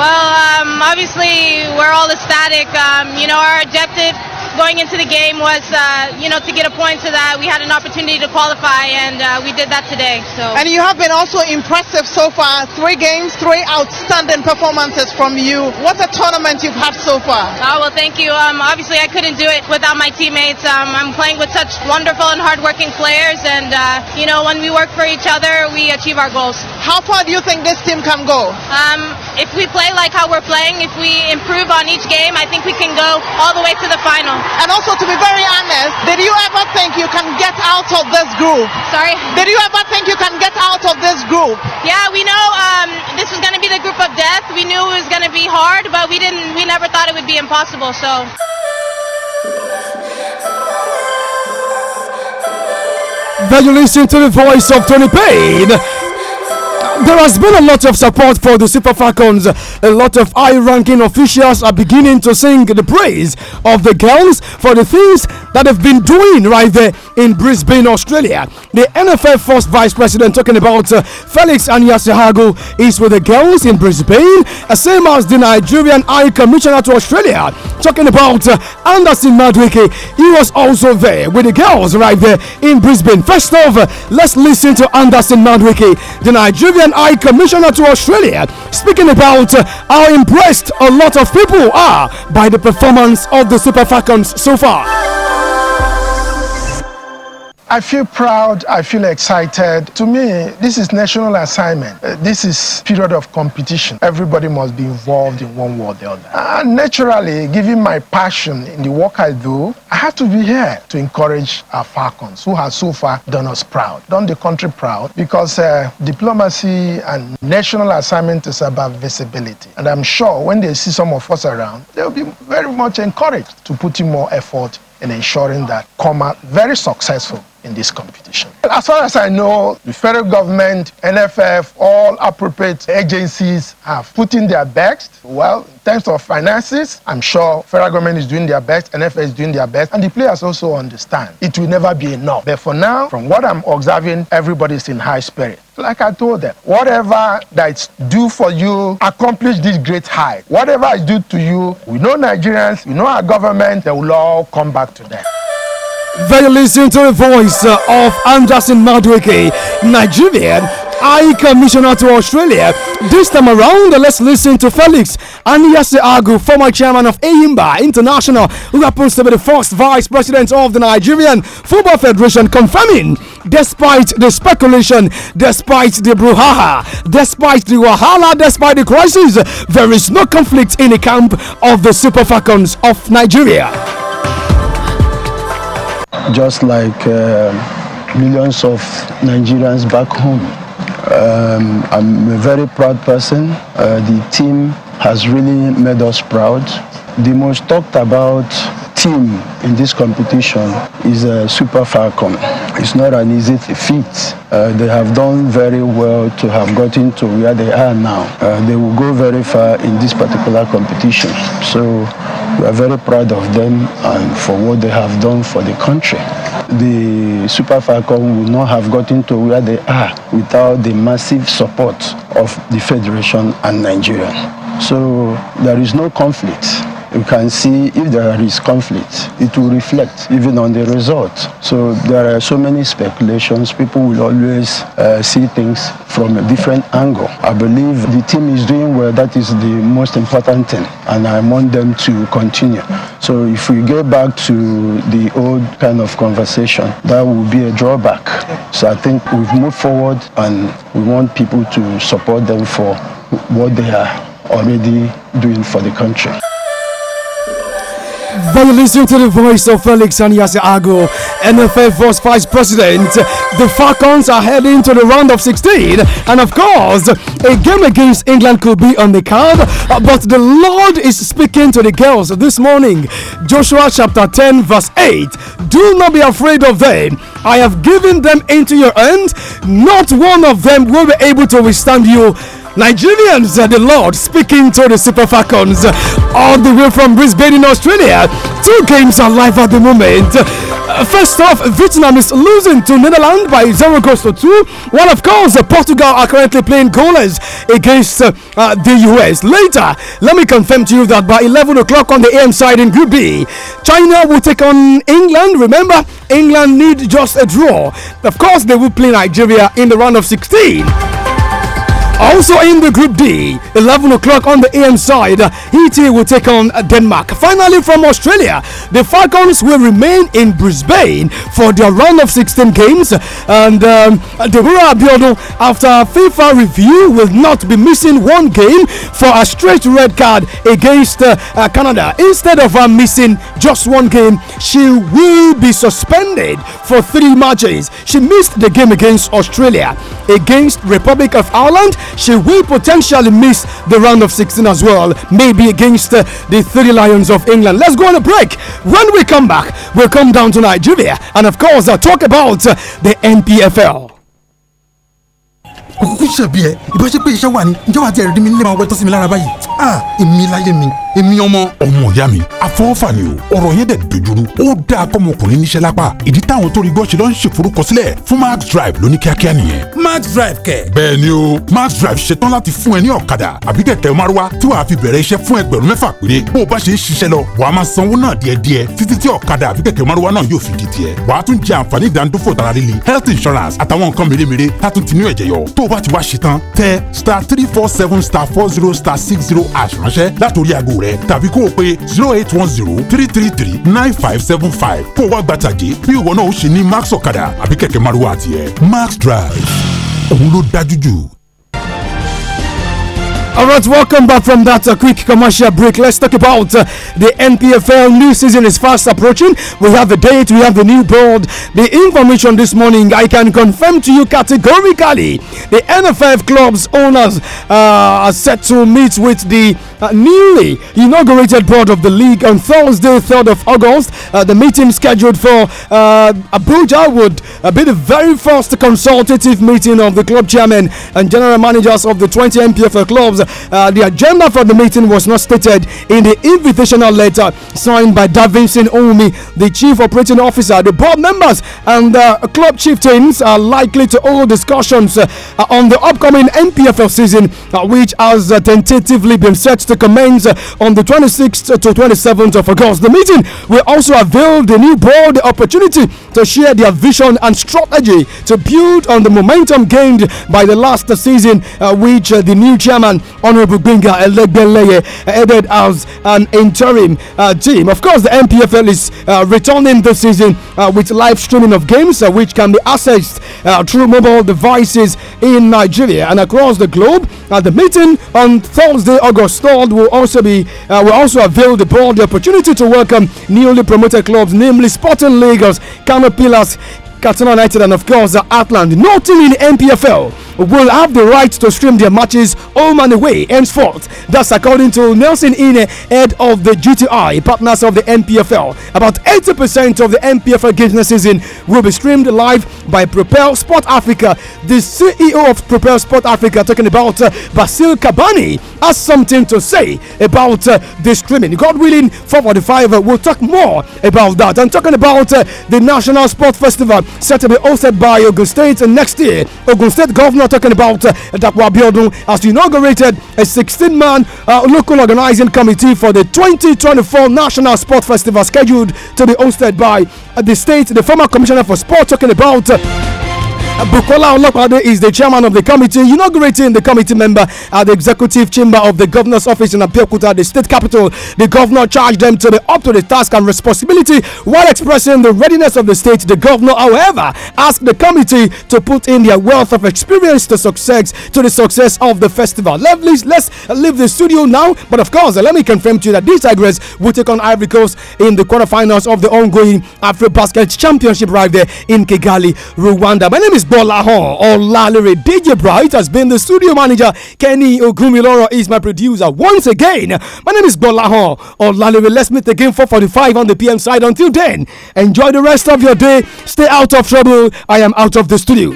Well, um, obviously, we're all ecstatic. Um, you know, our objective going into the game was, uh, you know, to get a point so that we had an opportunity to qualify, and uh, we did that today. So. And you have been also impressive so far. Three games, three outstanding performances from you. What a tournament you've had so far. Oh well, thank you. Um, obviously, I couldn't do it without my teammates. Um, I'm playing with such wonderful and hardworking players, and uh, you know, when we work for each other, we achieve our goals. How far do you think this team can go? Um, if we play like how we're playing, if we improve on each game, I think we can go all the way to the final. And also, to be very honest, did you ever think you can get out of this group? Sorry? Did you ever think you can get out of this group? Yeah, we know um, this was going to be the group of death. We knew it was going to be hard, but we didn't, we never thought it would be impossible, so.
Then you listen to the voice of Tony Payne there has been a lot of support for the Super Falcons. A lot of high ranking officials are beginning to sing the praise of the girls for the things that they've been doing right there in Brisbane, Australia. The NFL first vice president talking about uh, Felix Anyasehago is with the girls in Brisbane, uh, same as the Nigerian High Commissioner to Australia talking about uh, Anderson Madwike. He was also there with the girls right there in Brisbane. First of all, uh, let's listen to Anderson Madwike, the Nigerian High Commissioner to Australia, speaking about uh, how impressed a lot of people are by the performance of the Super Falcons so far.
I feel proud. I feel excited. To me, this is national assignment. Uh, this is period of competition. Everybody must be involved in one way or the other. And naturally, given my passion in the work I do, I have to be here to encourage our Falcons, who have so far done us proud, done the country proud, because uh, diplomacy and national assignment is about visibility. And I'm sure when they see some of us around, they'll be very much encouraged to put in more effort in ensuring that come out very successful in this competition. As far as I know, the federal government, NFF, all appropriate agencies have put in their best. Well, in terms of finances, I'm sure federal government is doing their best, NFF is doing their best, and the players also understand it will never be enough. But for now, from what I'm observing, everybody's in high spirit. Like I told them, whatever that's due for you, accomplish this great high. Whatever is due to you, we know Nigerians, we know our government, they will all come back to them.
They listen to the voice of Anderson Madwiki, Nigerian High Commissioner to Australia. This time around, let's listen to Felix Aniyase Agu, former chairman of AIMBA International, who happens to be the first vice president of the Nigerian Football Federation, confirming, despite the speculation, despite the brouhaha, despite the wahala, despite the crisis, there is no conflict in the camp of the Super Falcons of Nigeria
just like uh, millions of Nigerians back home. Um, I'm a very proud person. Uh, the team has really made us proud. The most talked about team in this competition is a uh, Super Falcon. It's not an easy feat. Uh, they have done very well to have gotten to where they are now. Uh, they will go very far in this particular competition. So we are very proud of them and for what they have done for the country. The Super Falcon would not have gotten to where they are without the massive support of the Federation and Nigeria. So there is no conflict you can see if there is conflict, it will reflect even on the result. So there are so many speculations. People will always uh, see things from a different angle. I believe the team is doing well. That is the most important thing, and I want them to continue. So if we go back to the old kind of conversation, that will be a drawback. So I think we've moved forward, and we want people to support them for what they are already doing for the country. They listen to the voice of Felix
Aniasiago, NFL Force Vice President. The Falcons are heading to the round of 16, and of course, a game against England could be on the card. Uh, but the Lord is speaking to the girls this morning. Joshua chapter 10, verse 8. Do not be afraid of them. I have given them into your hand. Not one of them will be able to withstand you. Nigerians, the Lord speaking to the Super Falcons all the way from Brisbane in Australia. Two games are live at the moment. Uh, first off, Vietnam is losing to Netherlands by 0 goals to 2. While, of course, Portugal are currently playing goalless against uh, uh, the US. Later, let me confirm to you that by 11 o'clock on the AM side in Group B, China will take on England. Remember, England need just a draw. Of course, they will play Nigeria in the round of 16. Also in the Group D, 11 o'clock on the AM side, Haiti will take on Denmark. Finally, from Australia, the Falcons will remain in Brisbane for their round of 16 games. And um, Deborah Abiodo, after FIFA review, will not be missing one game for a straight red card against uh, uh Canada. Instead of uh, missing just one game, she will be suspended for three matches. She missed the game against Australia, against Republic of Ireland, she will potentially miss the round of 16 as well, maybe against uh, the Three Lions of England. Let's go on a break. When we come back, we'll come down to Nigeria and, of course, uh, talk about uh, the NPFL.
kò kúkú ẹ ìbáṣepọ̀ iṣẹ́ wà ní ìjọba àti mi nílé máa wẹ́ lára báyìí ah èmi
láyé mi. èmi ọmọ ọmọ ìyá mi àfọwọ́fà ni o ọ̀rọ̀ yẹn dẹ̀ dojúrú ó dáa kọ́mọkùnrin níṣẹ́ lápá ìdí táwọn tó rí gbọ́sẹ̀ lọ́n ṣe forúkọsílẹ̀ fún max drive lóní kíákíá nìyẹn. max drive kẹ. bẹ́ẹ̀ ni o max drive ṣetán láti fún ẹ ní ọ̀kadà àbí kẹ̀kẹ́ márúwá tí wàá fi bẹ̀rẹ̀ iṣẹ́ fún ẹgbẹ̀rún mẹ́fà péré bó o bá ṣe ń ṣiṣẹ́ lọ wàá máa sanwó náà díẹ̀díẹ̀ títí tí ọ̀kadà àbí kẹ̀kẹ́ márúwá náà yóò fi di tiẹ̀ wàá tún jẹ àǹfààní ìdánidófò tara líle health insurance àtàwọn nǹkan mèremère tátún tinú ẹ̀jẹ̀ yọ tó o bá ti wá ṣetán tẹ star three four seven star four zero star six zero àṣ ránṣẹ́ látòrí aago rẹ tàbí kó o pe zero eight one zero three three three nine five seven five kó o wá gba tàgé bí ìwọ náà ó ṣe ní max ọ̀kadà àbí kẹ̀kẹ́ márùwá tiẹ̀ max drive òun ló dájú jù. All right, welcome back from that uh, quick
commercial break. Let's talk about uh, the NPFL. New season is fast approaching. We have a date, we have the new board. The information this morning, I can confirm to you categorically the NFF club's owners uh, are set to meet with the uh, newly inaugurated board of the league on Thursday, 3rd of August. Uh, the meeting scheduled for uh, Abuja would be the very first consultative meeting of the club chairman and general managers of the 20 NPFL clubs uh, the agenda for the meeting was not stated in the invitational letter signed by Davinson Omi, the chief operating officer. The board members and uh, club chieftains are likely to hold discussions uh, on the upcoming NPFL season, uh, which has uh, tentatively been set to commence uh, on the 26th to 27th of August. The meeting will also avail the new board the opportunity to share their vision and strategy to build on the momentum gained by the last season, which the new chairman Honorable Binga Elegbeleye added uh, as an interim uh, team. Of course, the MPFL is uh, returning this season uh, with live streaming of games uh, which can be accessed uh, through mobile devices in Nigeria and across the globe. At the meeting on Thursday, August 3rd, will also be will also avail the board the opportunity to welcome newly promoted clubs, namely Sporting Lagos, Kano Pillars, Katsina United, and of course, Atlanta. Nothing in the MPFL will have the right to stream their matches home and away henceforth. That's according to Nelson Ine, head of the GTI, partners of the MPFL. About 80% of the MPFL game next season will be streamed live by Propel Sport Africa. The CEO of Propel Sport Africa, talking about uh, Basil Kabani, has something to say about uh, the streaming. God willing, 445 uh, will talk more about that. I'm talking about uh, the National Sport Festival set to be hosted by Ogun State next year. Ogun State Governor talking about uh, Dakwa Biodun as inaugurated a 16 man uh, local organizing committee for the 2024 National Sport Festival scheduled to be hosted by uh, the state, the former commissioner for sport, talking about. Uh, Bukola Olopade is the chairman of the committee inaugurating the committee member at the executive chamber of the governor's office in Abeokuta, the state capital. The governor charged them to be up to the task and responsibility while expressing the readiness of the state. The governor, however, asked the committee to put in their wealth of experience to success to the success of the festival. let let's leave the studio now, but of course, let me confirm to you that these Tigers will take on Ivory Coast in the quarterfinals of the ongoing Afro Basket Championship right there in Kigali, Rwanda. My name is Bolaho Olalere. DJ Bright has been the studio manager. Kenny Ogumiloro is my producer once again. My name is Bolaho Olalere. Let's meet again 4:45 on the PM side. Until then, enjoy the rest of your day. Stay out of trouble. I am out of the studio.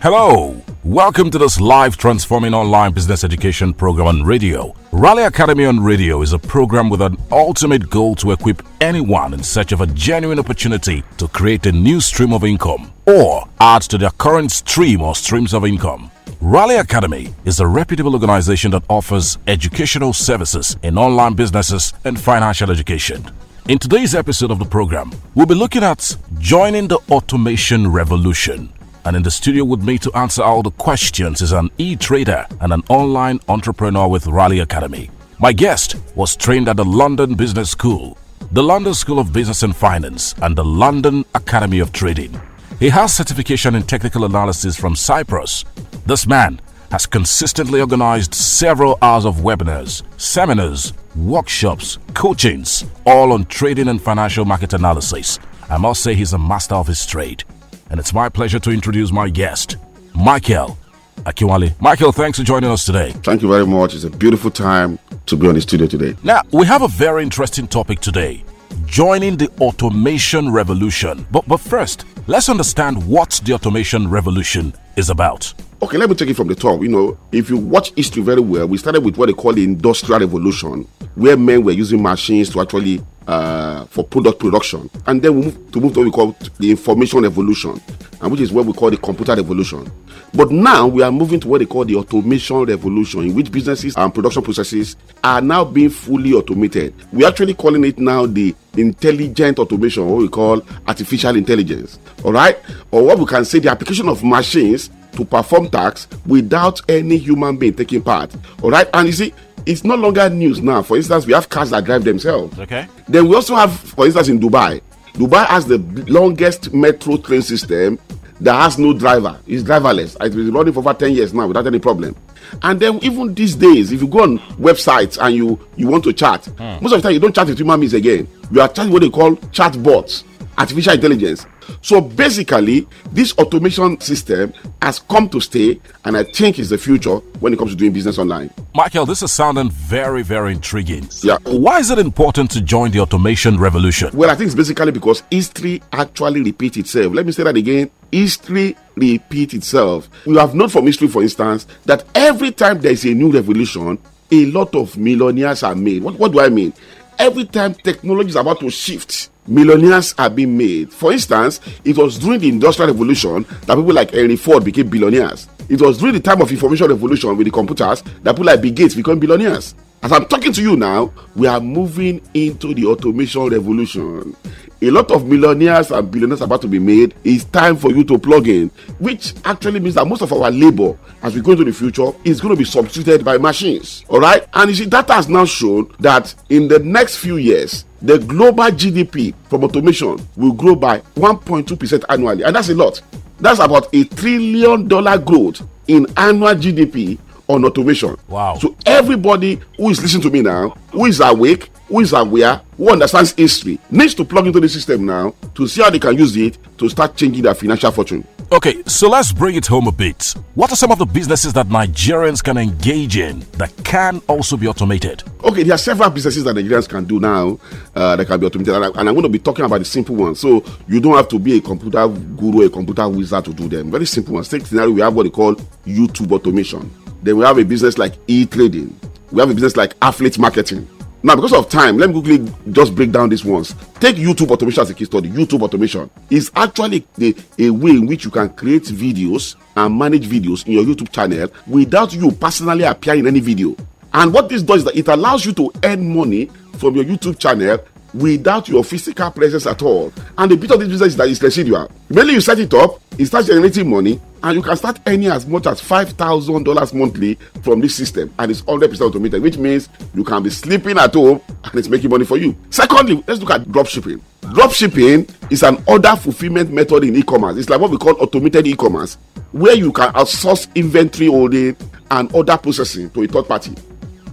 Hello Welcome to this live transforming online business education program on radio. Raleigh Academy on Radio is a program with an ultimate goal to equip anyone in search of a genuine opportunity to create a new stream of income or add to their current stream or streams of income. Rally Academy is a reputable organization that offers educational services in online businesses and financial education. In today's episode of the program, we'll be looking at joining the automation revolution. And in the studio with me to answer all the questions is an e-trader and an online entrepreneur with Raleigh Academy. My guest was trained at the London Business School, the London School of Business and Finance, and the London Academy of Trading. He has certification in technical analysis from Cyprus. This man has consistently organized several hours of webinars, seminars, workshops, coachings, all on trading and financial market analysis. I must say he's a master of his trade and it's my pleasure to introduce my guest, Michael Akiwale. Michael,
thanks for joining us today. Thank you very much. It's a beautiful time to be on the studio today.
Now, we have a very interesting topic today joining the automation revolution. But, but first, let's understand what the automation revolution is about. Okay, let me take it from the top. You know,
if you watch history very well, we started with what they call the Industrial Revolution, where men were using machines to actually uh, for product production, and then we move to move to what we call the Information Revolution, and which is what we call the Computer Revolution. But now we are moving to what they call the Automation Revolution, in which businesses and production processes are now being fully automated. We're actually calling it now the intelligent automation, what we call artificial intelligence. All right, or what we can say, the application of machines to perform tasks without any human being taking part. All right, and you see, it's no longer news now. For instance, we have cars that drive themselves. Okay. Then we also have, for instance, in Dubai. Dubai has the longest metro train system that has no driver. It's driverless. It's been running for over 10 years now without any problem. And then even these days, if you go on websites and you you want to chat, hmm. most of the time you don't chat with human beings again. You are chatting what they call chat bots artificial intelligence. So basically, this automation system has come to stay, and I think is the future
when it comes to doing business online. Michael, this is sounding very, very intriguing. Yeah. Why is it important to join the automation revolution? Well, I think it's basically because history actually repeats itself.
Let me say that again. History repeats itself. We have known from history, for instance, that every time there is a new revolution, a lot of millionaires are made. What, what do I mean? Every time technology is about to shift, millionaires are being made. For instance, it was during the Industrial Revolution that people like Henry Ford became billionaires. It was during the time of Information Revolution with the computers that people like Bill Gates became billionaires. As I'm talking to you now, we are moving into the automation revolution. A lot of millionaires and billionaires are about to be made. It's time for you to plug in, which actually means that most of our labor as we go into the future is going to be substituted by machines. All right? And you see, that has now shown that in the next few years, the global GDP from automation will grow by 1.2% annually. And that's a lot. That's about a trillion dollar growth in annual GDP on automation. Wow. So everybody who is listening to me now, who is awake, who is aware, who understands history, needs to plug into the system now to see how they can use it to start changing their financial
fortune. Okay, so let's bring it home a bit. What are some of the businesses that Nigerians can engage in that can also be automated? Okay, there are several businesses
that Nigerians can do now uh, that can be automated, and, I, am going to be talking about the simple ones. So you don't have to be a computer guru, a computer wizard to do them. Very simple ones. Take scenario we have what they call YouTube automation. Then we have a business like e-trading. We have a business like affiliate marketing. Now, because of time, let me quickly just break down these ones. Take YouTube automation as a case study. YouTube automation is actually a way in which you can create videos and manage videos in your YouTube channel without you personally appearing in any video. And what this does is that it allows you to earn money from your YouTube channel without your physical presence at all. And the beauty of this business is that it's residual. Mainly you set it up, it starts generating money, and you can start earning as much as $5,000 monthly from this system. And it's 100% automated, which means you can be sleeping at home and it's making money for you. Secondly, let's look at dropshipping. Dropshipping is an order fulfillment method in e commerce. It's like what we call automated e commerce, where you can outsource inventory holding and order processing to a third party.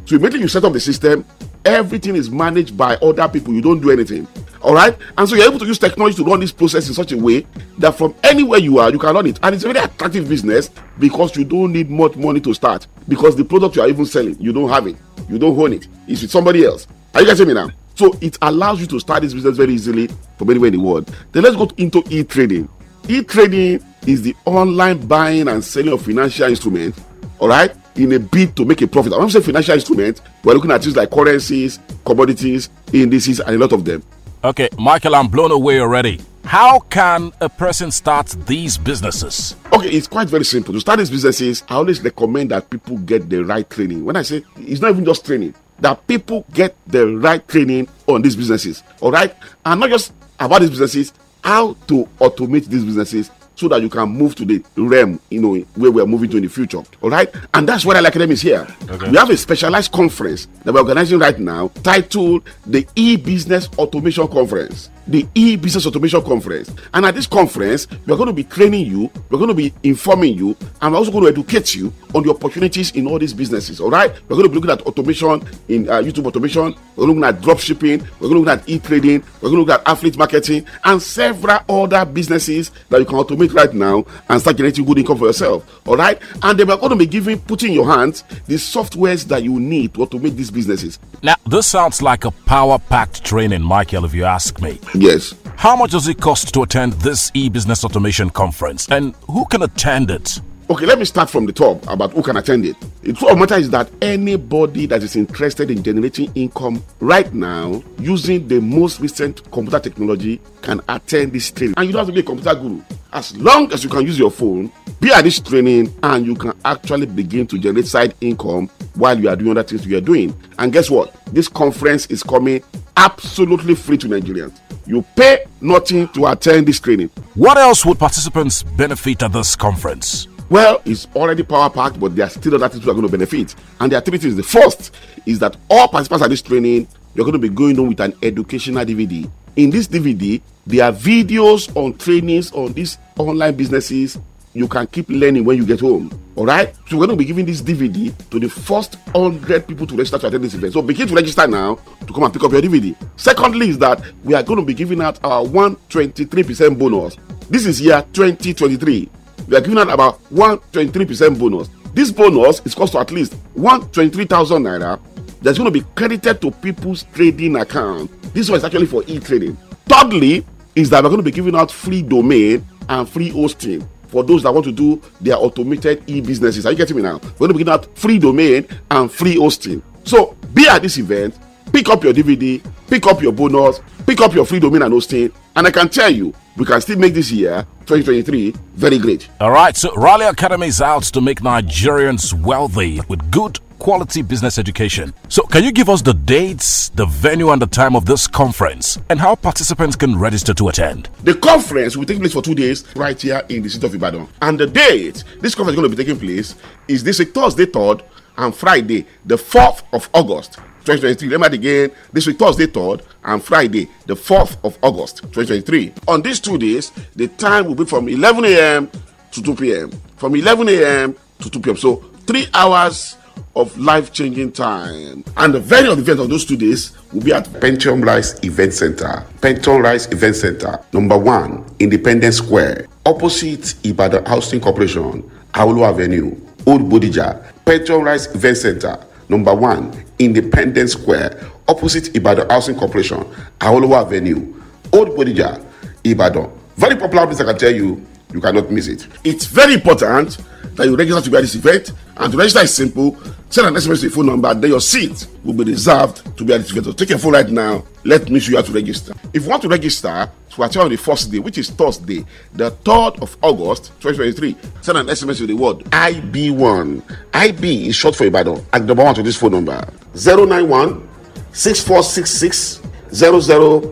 So immediately you set up the system, everything is managed by other people you don't do anything all right and so you're able to use technology to run this process in such a way that from anywhere you are you can run it and it's a very attractive business because you don't need much money to start because the product you are even selling you don't have it you don't own it it's with somebody else are you getting me now so it allows you to start this business very easily from anywhere in the world then let's go into e-trading e-trading is the online buying and selling of financial instruments all right in a bid to make a profit. I'm saying financial instruments. we're looking at things like currencies, commodities,
indices, and a lot of them. Okay, Michael, I'm blown away already. How can a person start these businesses? Okay, it's quite very simple. To start these businesses, I always recommend that
people get the right training. When I say it's not even just training, that people get the right training on these businesses. All right? And not just about these businesses, how to automate these businesses so that you can move to the realm, you know, where we are moving to in the future. All right, and that's what I like them is here. Okay. We have a specialized conference that we're organizing right now, titled the E-Business Automation Conference the e-business automation conference. And at this conference, we are going to be training you, we're going to be informing you, and we're also going to educate you on the opportunities in all these businesses. All right, we're going to be looking at automation in uh, YouTube automation. We're looking at drop shipping. We're looking at e-trading. We're looking at affiliate marketing and several other businesses that you can automate right now and start generating good income for yourself. All right, and then we're going to be giving, putting
your hands the softwares that you need to automate these businesses. Now, this sounds like a power-packed training, Michael. If you ask me. Yes. How much does it cost to attend this e-business automation conference and who can attend it?
okay, let me start from the top about who can attend it. The truth of matter is that anybody that is interested in generating income right now using the most recent computer technology can attend this training. And you don't have to be a computer guru. As long as you can use your phone, be at this training, and you can actually begin to generate side income while you are doing other things you are doing. And guess what? This conference is coming absolutely free to Nigerians. You pay nothing to attend this training. What else
would participants benefit at this conference?
Well, it's already power packed, but there are still other things we are going to benefit. And the activities, the first is that all participants at this training, you're going to be going on with an educational DVD. In this DVD, there are videos on trainings on these online businesses. You can keep learning when you get home. All right. So we're going to be giving this DVD to the first hundred people to register to attend this event. So begin to register now to come and pick up your DVD. Secondly, is that we are going to be giving out our 123% bonus. This is year 2023 we are giving out about 123% bonus. This bonus is cost to at least 123,000 naira that's going to be credited to people's trading account. This one is actually for e trading. Thirdly, is that we're going to be giving out free domain and free hosting for those that want to do their automated e businesses. Are you getting me now? We're going to be giving out free domain and free hosting. So be at this event pick up your DVD, pick up your bonus, pick up your free domain and hosting. And I can tell you, we can still make this year
2023 very great. All right, so Raleigh Academy is out to make Nigerians wealthy with good quality business education. So, can you give us the dates, the venue, and the time of this conference, and how participants can register to attend?
The conference will take place for two days right here in the city of Ibadan. And the date this conference is going to be taking place is this Thursday 3rd and Friday, the 4th of August. 2023. Remember again, this week, Thursday, 3rd, and Friday, the 4th of August, 2023. On these two days, the time will be from 11 a.m. to 2 p.m. From 11 a.m. to 2 p.m. So, three hours of life changing time. And the venue of the event of those two days will be at Pentium Rise Event Center. Pentium Rise Event Center, number one, Independence Square, opposite Ibadan Housing Corporation, Aulu Avenue, Old Bodija. Pentium Rise Event Center. Number one, Independence Square, opposite Ibadan Housing Corporation, Aholowo Avenue, Old Bodija, Ibadan. Very popular place, I can tell you, you cannot miss it. It's very important that you register to be at this event And to register is simple. Send an SMS to your phone number, then your seat will be reserved to be identified. So take your phone right now. Let me show you how to register. If you want to register to attend on the first day, which is Thursday, the third of August 2023, send an SMS to the word IB1. IB is short for Ibadan. And number one to this phone number 091 6466 0000.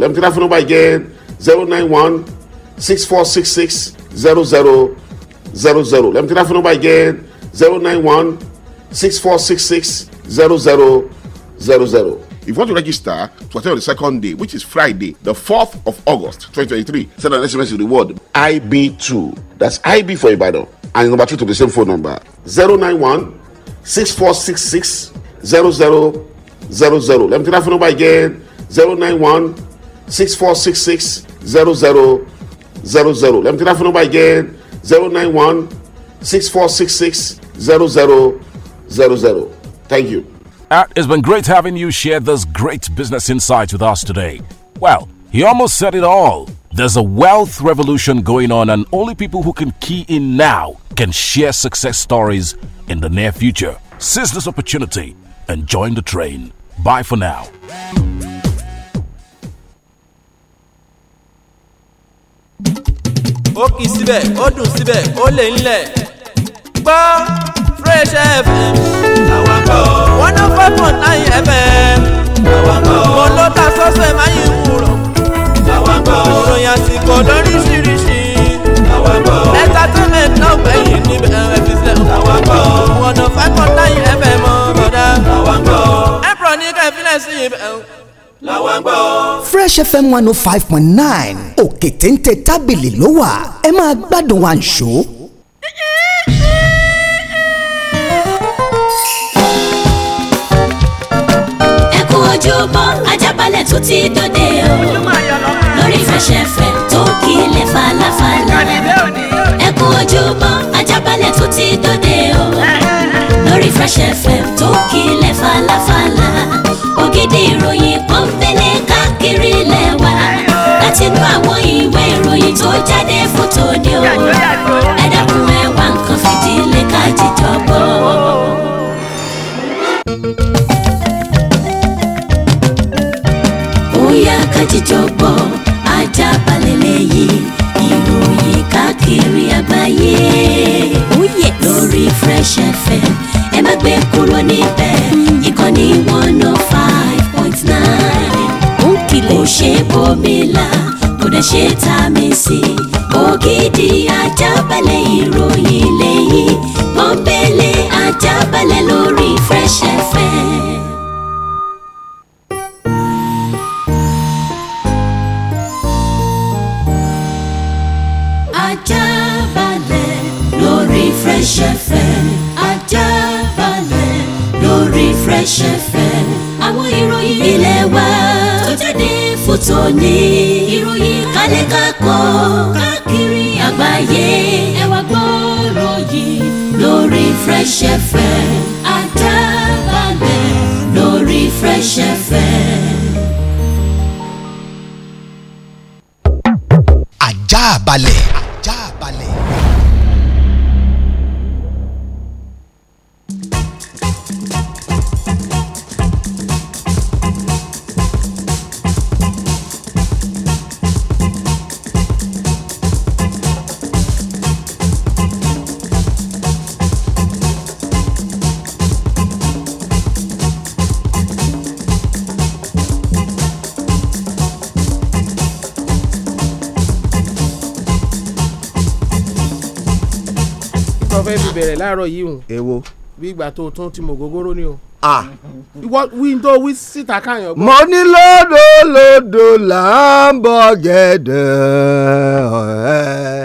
Let me take that phone number again 091 6466 0000. Zero zero. Let me take that phone number again Zero nine one six four six six zero zero zero zero. If you want to register to attend on the second day, which is Friday, the 4th of August 2023, send an SMS to the word IB2. That's IB for Ibado. And number two to the same phone number Zero nine one six four six six zero zero zero zero. Let me take that phone number again Zero nine one six four six six zero zero zero zero. Let me take that phone number again 091 6466 0000. Thank you.
Uh, it's been great having you share this great business insight with us today. Well, he almost said it all. There's a wealth revolution going on, and only people who can key in now can share success stories in the near future. Seize this opportunity and join the train. Bye for now.
ó kì í síbẹ̀ ó dùn síbẹ̀ ó lè ńlẹ̀ gbọ́
fresh fm àwọn gbọ́ one oh five point nine fm àwọn gbọ́ mo ló ta sọ́sẹ̀ máa yin wúrọ̀ àwọn gbọ́ ìròyìn àsìkò
lóríṣiríṣi
àwọn gbọ́ entertainment náà gbẹ̀yìn níbẹ̀ ẹ̀ fi sẹ́ àwọn gbọ́ one oh five point nine fm ọ̀ bọ̀dá àwọn gbọ́ ẹ̀pọ̀ ní kẹ́fílẹ̀ sí ibẹ̀ làwọn gbọ́.
fresh fm one oh five point nine òkè téńté tábìlì
ló wà ẹ máa gbádùn àǹṣó.
ẹ ojúbọ ajábalẹ̀ tó ti dòde o lórí fresh fm tó kílẹ̀ falafala ẹ kú ojúbọ ajábalẹ̀ tó ti dòde o lórí fresh fm tó kílẹ̀ falafala ògidì ìròyìn kan sínú àwọn ìwé ìròyìn tó jáde fótó ni o. ṣe tá a mi sí ògidì ajábalẹ̀ ìròyìn lẹ́yìn pọ́npẹ́lẹ́ ajábalẹ̀ lórí Fresh FM. Fresh FM Àdábàdé lórí Fresh FM.
Àjààbálẹ̀.
láàárọ̀ yìí hùn. èwo. bí ìgbà tó tún ti mọ ògógóró ni o. ah. ìwọ wí tó wí síta káyàn. mo ní lódò
lódò là ń bọ gẹ̀dẹ̀.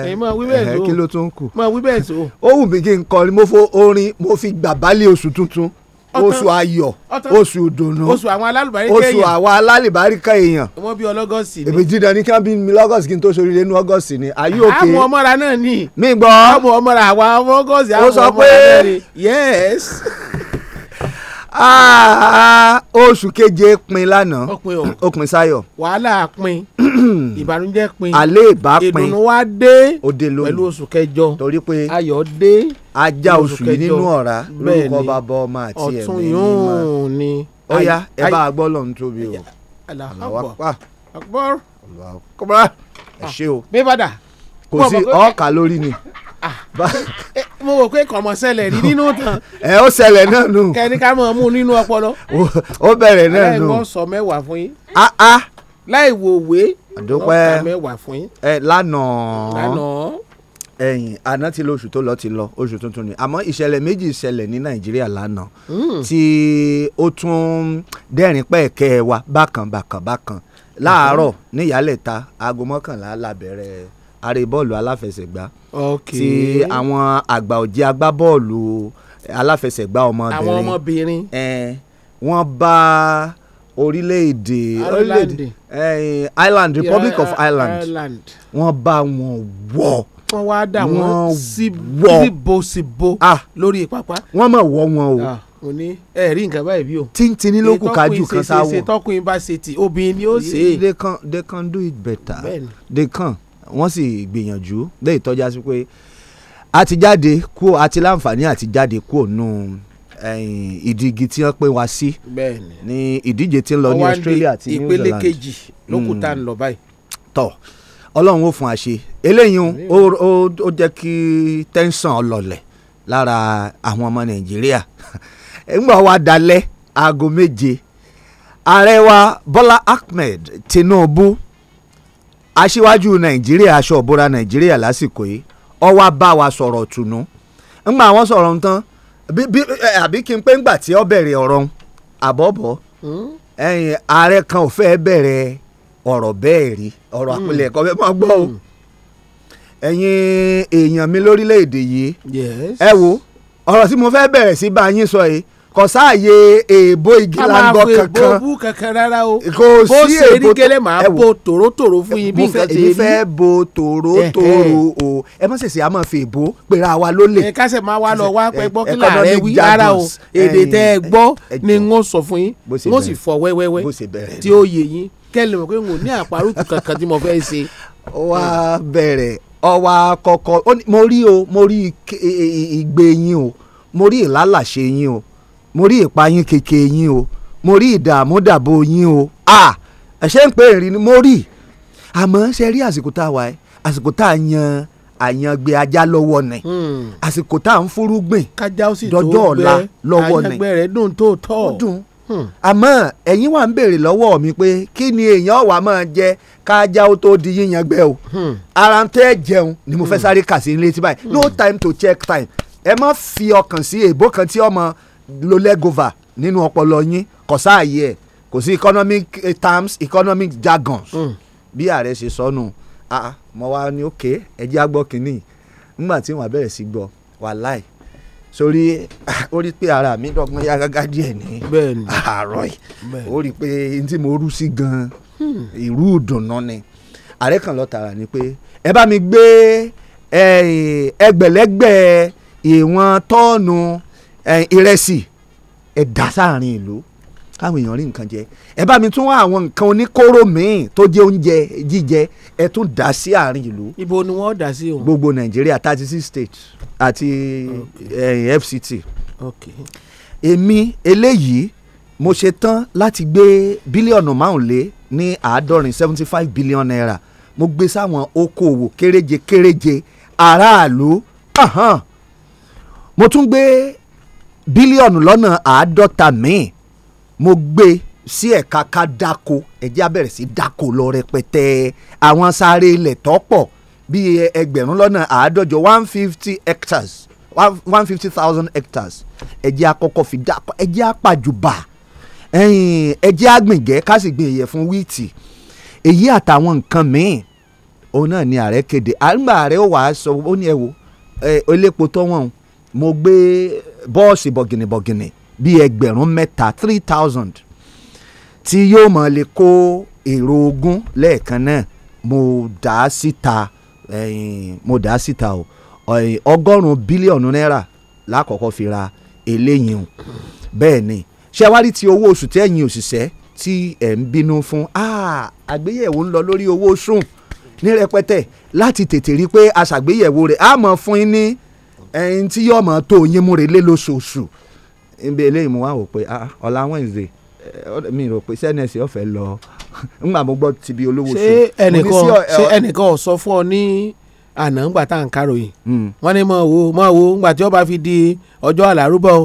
ẹ máa wí bẹ́ẹ̀ tó kí ló tún kù. máa wí bẹ́ẹ̀ tó. ó wù mí kí n kọrin mo fo orin mo fi gbàbálẹ̀ oṣù tuntun oṣù ayọ̀ oṣù dùnú oṣù àwọn alálìbáríkà èèyàn
wọ́n bí ọlọ́gọ́sì ni èmi
dídán ní kí wọ́n bí mi lọ́gọ́sì kí n tó sori lé ní ọgọ́sì ni
ayé òkè àwọn ọmọra náà ni mi gbọ́ àwọn ọmọra àwọn ọgọ́sì àwọn ọmọra náà ni yes. Ah, ah, oṣù keje pin lánàá ó pin sáyọ̀. wàhálà pin ìbànújẹ́ pin àléébá pin ìdùnnú wa dé pẹ̀lú oṣù kẹjọ torí pé ayọ̀ dé ajá oṣù yìí nínú ọ̀rá lórúkọ bàbá ọmọ àti ẹ̀mí mímọ́ ni. ó yá ẹ bá a gbọ́ lọ́n tóbi o. aláwọ̀ kọ́bọ̀rọ̀ ẹ ah. ṣé o. bí bàdà. kò sí
ọ̀ọ́kà lórí ni. Ah.
Eh, mo rò pé kọ̀mọ̀ ṣẹlẹ̀ rí nínú tán. ẹ ó ṣẹlẹ̀ náà nù. kẹ́ni ká mọ̀ mú nínú ọpọlọ. ó bẹ̀rẹ̀ náà nù. aláìwọ sọ mẹ́wàá fún yín. láì wo òwe. àdópẹ́ wọ́n ta mẹ́wàá fún yín. ẹ lánàá.
lánàá ẹ̀yìn àná ti lọ oṣù tó lọ ti lọ oṣù tuntun ni àmọ́ ìṣẹ̀lẹ̀ méjì ìṣẹ̀lẹ̀ ní nàìjíríà lánàá hmm. tí ó tún dẹ́rìn pẹ̀kẹ́ wa bákan bákan bákan láàárọ̀ níyàlẹ̀ta aago mọ́kànlá la bẹ̀rẹ̀ aré bọ́ọ̀lù aláfẹsẹ̀gbá ti àwọn àgbà òjì agbábọ́ọ̀lù aláfẹsẹ̀gbá ọmọbìnrin àwọn ọmọbìnrin wọ́n bá orílẹ̀-èdè orílẹ̀-èdè Ireland Republic yeah, of Ireland wọ́n bá wọn
wọ̀ wọ́n wá dà wọ́n síbòsíbò lórí pápá wọ́n mọ̀ wọ́ wọn o. Ah o ní ẹ rí nǹkan báyìí bí o. tíntìní ló kù kájú kan sáwọ. tọkùn ìbáṣetì obìnrin ni ó ṣe. they can they can do it better. bẹ́ẹ̀ni
they can wọ́n sì gbìyànjú lẹ́yìn tọ́já sí pé a ti jáde kúò a ti láǹfààní àti jáde kúò nù ìdígi tí wọ́n pè wá sí ní ìdíje tí ń lọ ní Australia àti New Zealand ìpele kejì lókùtà hmm. ń lọ báyìí. tọ Ọlọ́run ó fún wa ṣe eléyìí ó jẹ́ kí tẹ́ńsán ọlọ́lẹ̀ lára àwọn ọmọ Nàìjíríà ńgbà wa dalẹ̀ aago méje ààrẹ wa Bọ́lá Ahmed Tinubu. No aṣíwájú nàìjíríà aṣọ òbúra nàìjíríà lásìkò yìí ó wá bá wa sọ̀rọ̀ tùnú ńgbà wọn sọ̀rọ̀ tán àbí kí n pé ńgbà tí ó bẹ̀rẹ̀ ọ̀rọ̀ àbọ̀bọ̀ hmm? ẹ̀yìn ààrẹ kan ò fẹ́ bẹ̀rẹ̀ ọ̀rọ̀ bẹ́ẹ̀ rí ọ̀rọ̀ hmm. àpilẹ̀kọ bẹ́ẹ̀ mọ́ gbọ́ o hmm. ẹ̀yin èèyàn mi lórílẹ̀‐èdè yìí ẹ wo ọ̀rọ̀ tí mo fẹ́ bẹ̀rẹ̀ sí bá yín sọ yìí kò sáàyè èèbò igi langbọ kankan. a máa fọ èèbò
bú kankan rárá o. kò sí èèbò tó bó ṣe erigele máa bo tòrótòró fún yín bí nǹkan ṣe rí. èmi fẹ́
bo tòrótòró o ẹ má ṣèṣe a máa fi èèbò pera wa ló lè. ẹ kásẹ̀ máa wá lọ wá pẹ́ gbọ́ kí láàrẹ wí rárá o èdè tẹ́
ẹ gbọ́ ni n ó sọ fún yín n ó sì fọ wẹ́wẹ́wẹ́ tí ó yé yín kẹ́lẹ́ mọ̀ pé n ò ní àparùtù kankan tí mo fẹ́ ṣe. wá bẹ̀rẹ̀
ọwọ́ akọkọ mo rí o mo rí ìgbé e- e- e- yín o mo rí ìlálàṣe mo rí ìpayín keke yín o mo rí ìdààmú dàbò yín o à ẹ ṣe ń pè é rí ni mo rí àmọ́ ṣe rí àsìkò tá a wà ẹ́ àsìkò tá a yan àyàngbé ajá lọ́wọ́ ni hmm. àsìkò tá a ń fúrúgbìn dọjọ́ ọ̀la lọ́wọ́ ni àyàngbé rẹ̀ dùn tó tọ̀ hmm. àmọ́ ẹ̀yin wà ń béèrè lọ́wọ́ mi pé kí ni èèyàn wà máa jẹ kájá ó tó di yíyan gbẹ o hmm. ara ń tẹ́ jẹun ni mo fẹ́ sáré kà sí ilé tí báyìí no time to check time ẹ má fi ọkàn sí èèbó kan tí ọmọ lo legova nínú ọpọlọ yín kò sáàyè ẹ̀ kò sí economic eh, terms economic jargons hmm. bí ààrẹ ṣe sọnù ah, ah, mo wá ní òkè ẹjẹ́ àgbọ̀ kìíní nígbà tí wọ́n bẹ̀rẹ̀ sí gbọ́ wàláì sórí ó rí pé ara mi dọ́gbọ́n yá gágá díẹ̀ ní àárọ̀ yìí ó rí pé n tí mo rú sí gan hmm. ìrú ìdùnnú ni ààrẹ kan lọ tààrà ni pé ẹ bá mi gbé eh, ẹgbẹ̀lẹ́gbẹ̀ ìwọ̀n tọ́ọ̀nù ìrẹsì ẹ dà sáàrin ìlú káwọn èèyàn rí nǹkan jẹ ẹ bá mi tún wá àwọn nǹkan oníkóró míì tó jẹ oúnjẹ jíjẹ ẹ tún dà sí àárín ìlú. ibo ni wọn dà sí òun. gbogbo nàìjíríà thirty six states àti eh, fct. èmi eléyìí mo ṣe tán láti gbé bílíọ̀nù márùnlé ní àádọ́rin seventy five billion naira mo gbé sáwọn okòwò kéréje kéréje aráàlú mo tún gbé bílíọ̀nù lọ́nà àádọ́ta míì mo gbé sí ẹ̀ka ká dáko ẹ̀jẹ̀ á bẹ̀rẹ̀ sí dáko lọ rẹpẹtẹ àwọn sáré ilẹ̀ tọ́pọ̀ bíi ẹgbẹ̀rún lọ́nà àádọ́jọ one fifty hectares one fifty thousand hectares ẹ̀jẹ̀ àkọ́kọ́ fi dáko ẹ̀jẹ̀ àpàjùbà ẹ̀jẹ̀ àgbìngẹ́ ká sì gbìn ìyẹ̀fun wíìtì èyí àtàwọn nǹkan míì òun náà ni ààrẹ kéde àgbà ààrẹ ó wàá sọ ó ní ẹ wo elépo tọ́wọ́n mo gbé bọ́ọ̀sì bọ̀gìnìbọ̀gìnì bíi ẹgbẹ̀rún mẹ́ta three thousand tí yóò mọ̀ lè kó èrò ogún lẹ́ẹ̀kan náà mo dà á síta mo dà á síta o ọgọ́rùn-ún bílíọ̀nù náírà lákọ̀ọ́kọ́ fi ra eléyìí o bẹ́ẹ̀ ni ṣé wá rí ti owó oṣù tí ẹ̀yin òṣìṣẹ́ tí ẹ̀ ń bínú fún ah, àgbéyẹ̀wò ń lọ lórí owó oṣù ní rẹpẹtẹ láti tètè rí pé aṣàgbéyẹ̀wò rẹ̀ á mọ̀ fún yín ní ẹyin tí yóò mọ̀ tó yín múre lé lóṣooṣù ibi eléyìí mo wá wò pé ah, ọ̀la Wednesday mi rò pé sẹ́nẹ̀sì ọ̀fẹ́ lọ
ngbà mo gbọ́ ti bi olówó sùn. ṣé ẹnìkan ṣé ẹnìkan ò sọ fún ọ ní àná ngbà tá à ń káròyìn. Hmm. wọ́n ní mọ̀ wo mọ̀ wo ngbà tí ó bá fi di ọjọ́ àlárúbọ̀.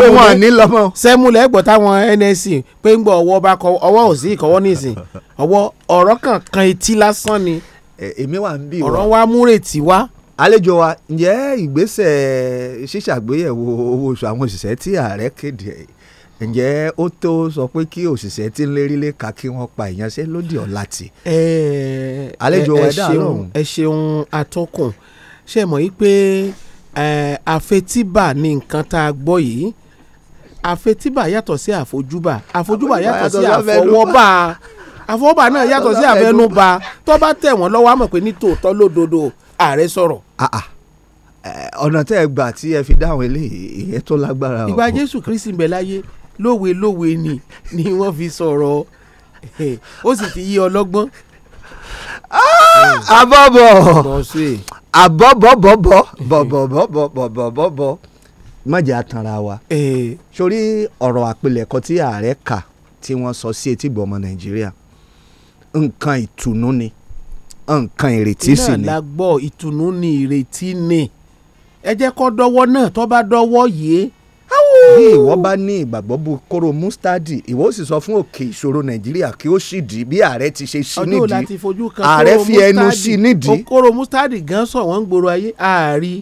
pé wọ́n ní lọ́mọ. sẹ́múlẹ̀ gbọ́ táwọn NSC pé ń ọwọ́ bá kọ ọwọ́ ò sí ìkọwọ́ nísìn ọwọ́ ọ̀rọ̀ kan kan etí lásán ni. ọ̀rọ̀ wa
múrètí wá àlejò wa ǹjẹ́ ìgbésẹ̀ ṣíṣàgbéyẹ̀wò owó oṣù àwọn òṣìṣẹ́ tí ààrẹ kéde ǹjẹ́ ó tó sọ pé kí òṣìṣẹ́ tí ń lérí lè ka
kí wọ́n pa ìyanṣẹ́ lódì ọ̀la tì. àlejò wa ẹ̀dá lọ́hùn. ẹ ṣeun atọ́kùn ṣe mọ̀ yí pé àfetíbà ni nǹkan tá a gbọ́ yìí àfetíbà yàtọ̀ sí àfojúbà àfojúbà yàtọ̀ sí àfọwọ́bà àfọwọ́bà náà yàtọ̀ sí àfẹnubà tó bá tẹ̀ wọ́n lọ́wọ́ á pé ní tòótọ́ lódodo ààrẹ sọ̀rọ̀. Ah, ah. ọ̀nà
tẹ́ ẹ gbà tí ẹ fi dáhùn eléyìí ìyẹn tó lágbára o. ìgbà
jésù kristi ń bẹ láyé lówe lówe ni ni wọ́n fi sọ̀rọ̀ ó sì ti yí ọlọ́gbọ́n. Ah, abọ́bọ̀
abọ́bọ̀bọ̀bọ̀ bọ̀bọ̀bọ̀bọ̀bọ̀bọ̀ má jẹ́ àtànra wa sórí ọ̀rọ̀ àpilẹ̀kọ tí ààrẹ kà tí wọ́n sọ sí etígbọ̀ ọmọ nàìjíríà nǹkan ìtùnú ni nǹkan ìrètí sì ni. iná la
gbọ́ ìtùnú ni ìrètí ni ẹ jẹ́ kó dọ́wọ́ náà tó bá dọ́wọ́ yìí. bí ìwọ bá ní ìgbàgbọ́ bu kóró mustadi ìwọ ó sì sọ fún òkè ìṣòro nàìjíríà
kí ó sì dì bí ààrẹ ti ṣe sí nídìí
ààrẹ fi ẹnu sí nídìí. kóró mustadi
gan sọ wọn ń gbòòrò ayé ààrí.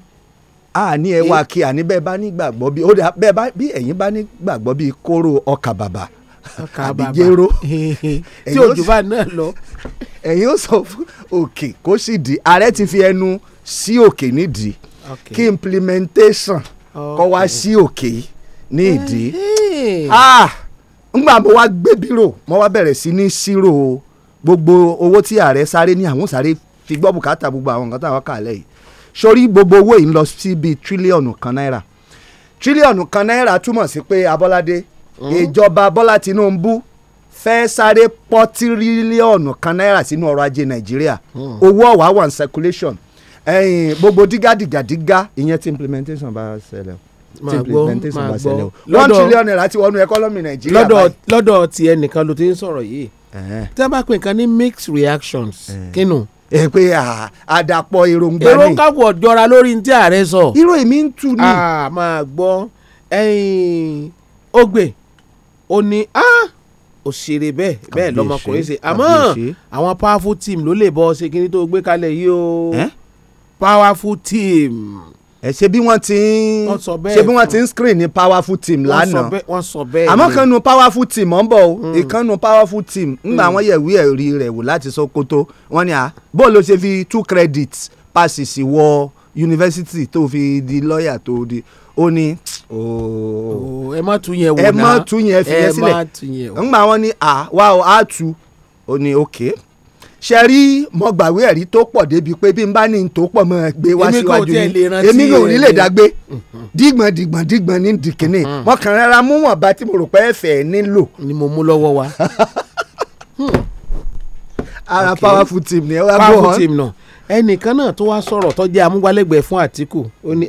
a ní ẹ wá kí àní bẹ́ẹ̀ bá ní gbàgbọ́ bí bẹ́ẹ̀ bá bí ẹ̀yin bá ní gbàgbọ́ bí kóró ọkà bàbà àbí jéró. tí òjò bá náà lọ. ẹ̀yin ó sọ fún òkè kó sì di ààrẹ ti fi ẹnu sí òkè nídìí kí implementation kọ́ wá sí òkè ní ìdí ngbà ah! mo wá gbé bírò mo wá bẹ̀rẹ̀ sí ní ṣírò gbogbo owó tí ààrẹ sáré ní àwọn sáré fi gbọ́ bùkátà gbogbo àwọn nǹkan táwọn kà lẹ́yìn sórí gbogbo owó yìí ń lọ sí bíi tírílíọ̀nù kan náírà tírílíọ̀nù kan náírà túmọ̀ sí pé abọ́ládé mm-hmm. ìjọba bọ́lá tinubu fẹ́ sáré pọ́ tírílíọ̀nù kan náírà sínú ọrọ̀ ajé nàìjíríà hmm. owó ọ̀wá wà ní circulation
gbogbo dígàdìgàdìgà ìyẹn ti implementation bá ṣẹlẹ̀
o implementation
bá ṣẹlẹ̀ o
one trillion
naira ti wọnú ẹkọ́nọ́mì nàìjíríà báyìí.
lọ́dọ̀ ti ẹnìkan ló ti ń sọ̀rọ̀ yìí tí a bá pè nǹkan ní mixed reactions kínú ẹ pé àdàpọ̀ èròǹgbà ni. èròǹkà kò jọra lórí ní tí ààrẹ sọ. irú èmi ń tu ni. a máa gbọ́ ó gbè ó ní ah, òṣèré bẹ́ẹ̀ bẹ́ẹ̀ lọmọkùnrin ṣe àmọ́ àwọn powerful team ló lè bọ́ ṣe kíní tó gbé kalẹ̀ yìí o powerful team. ẹ ṣe bí wọ́n ti ń ṣe bí wọ́n ti ń screen
ní powerful team lánàá
wọ́n sọ bẹ́ẹ̀ àmọ́ kan
nu powerful team ọ̀ ń bọ̀ o hmm. ìkan nu powerful team hmm. ńgbà àwọn yẹ̀wí ẹ̀rí rẹ̀ wò láti Sokoto wọ́n ní à bó ṣe fi two credits passes wọ yunifásitì tó fi di lọ́ọ̀yà tó di ó ní. Tch, Oh.
ẹ má tún yẹn wò náà ẹ má tún yẹn fi yẹn sílẹ̀ ńgbà wọn ni à wá o á
tu ó ní òkè ṣe rí mọgbàwé ẹ̀rí tó pọ̀ débi pé bí n bá ní tó pọ̀ mọ́ ẹ gbé wá síwájú yìí èmi kò ní lè dágbé dígbọ̀n dígbọ̀n dígbọ̀n ní
dìkínní wọn hmm. kàn rárá mú wọn bá tí mo rò pé ẹ̀fẹ̀ nílò. ni mo mú lọ́wọ́ wa.
ara powerful team ni ẹ wá bọ̀ ọ́ powerful team náà
ẹnìkan náà tó wá sọ̀rọ̀ tó amúgbálẹ́gbẹ̀ẹ́ fún Àtíkù ó ní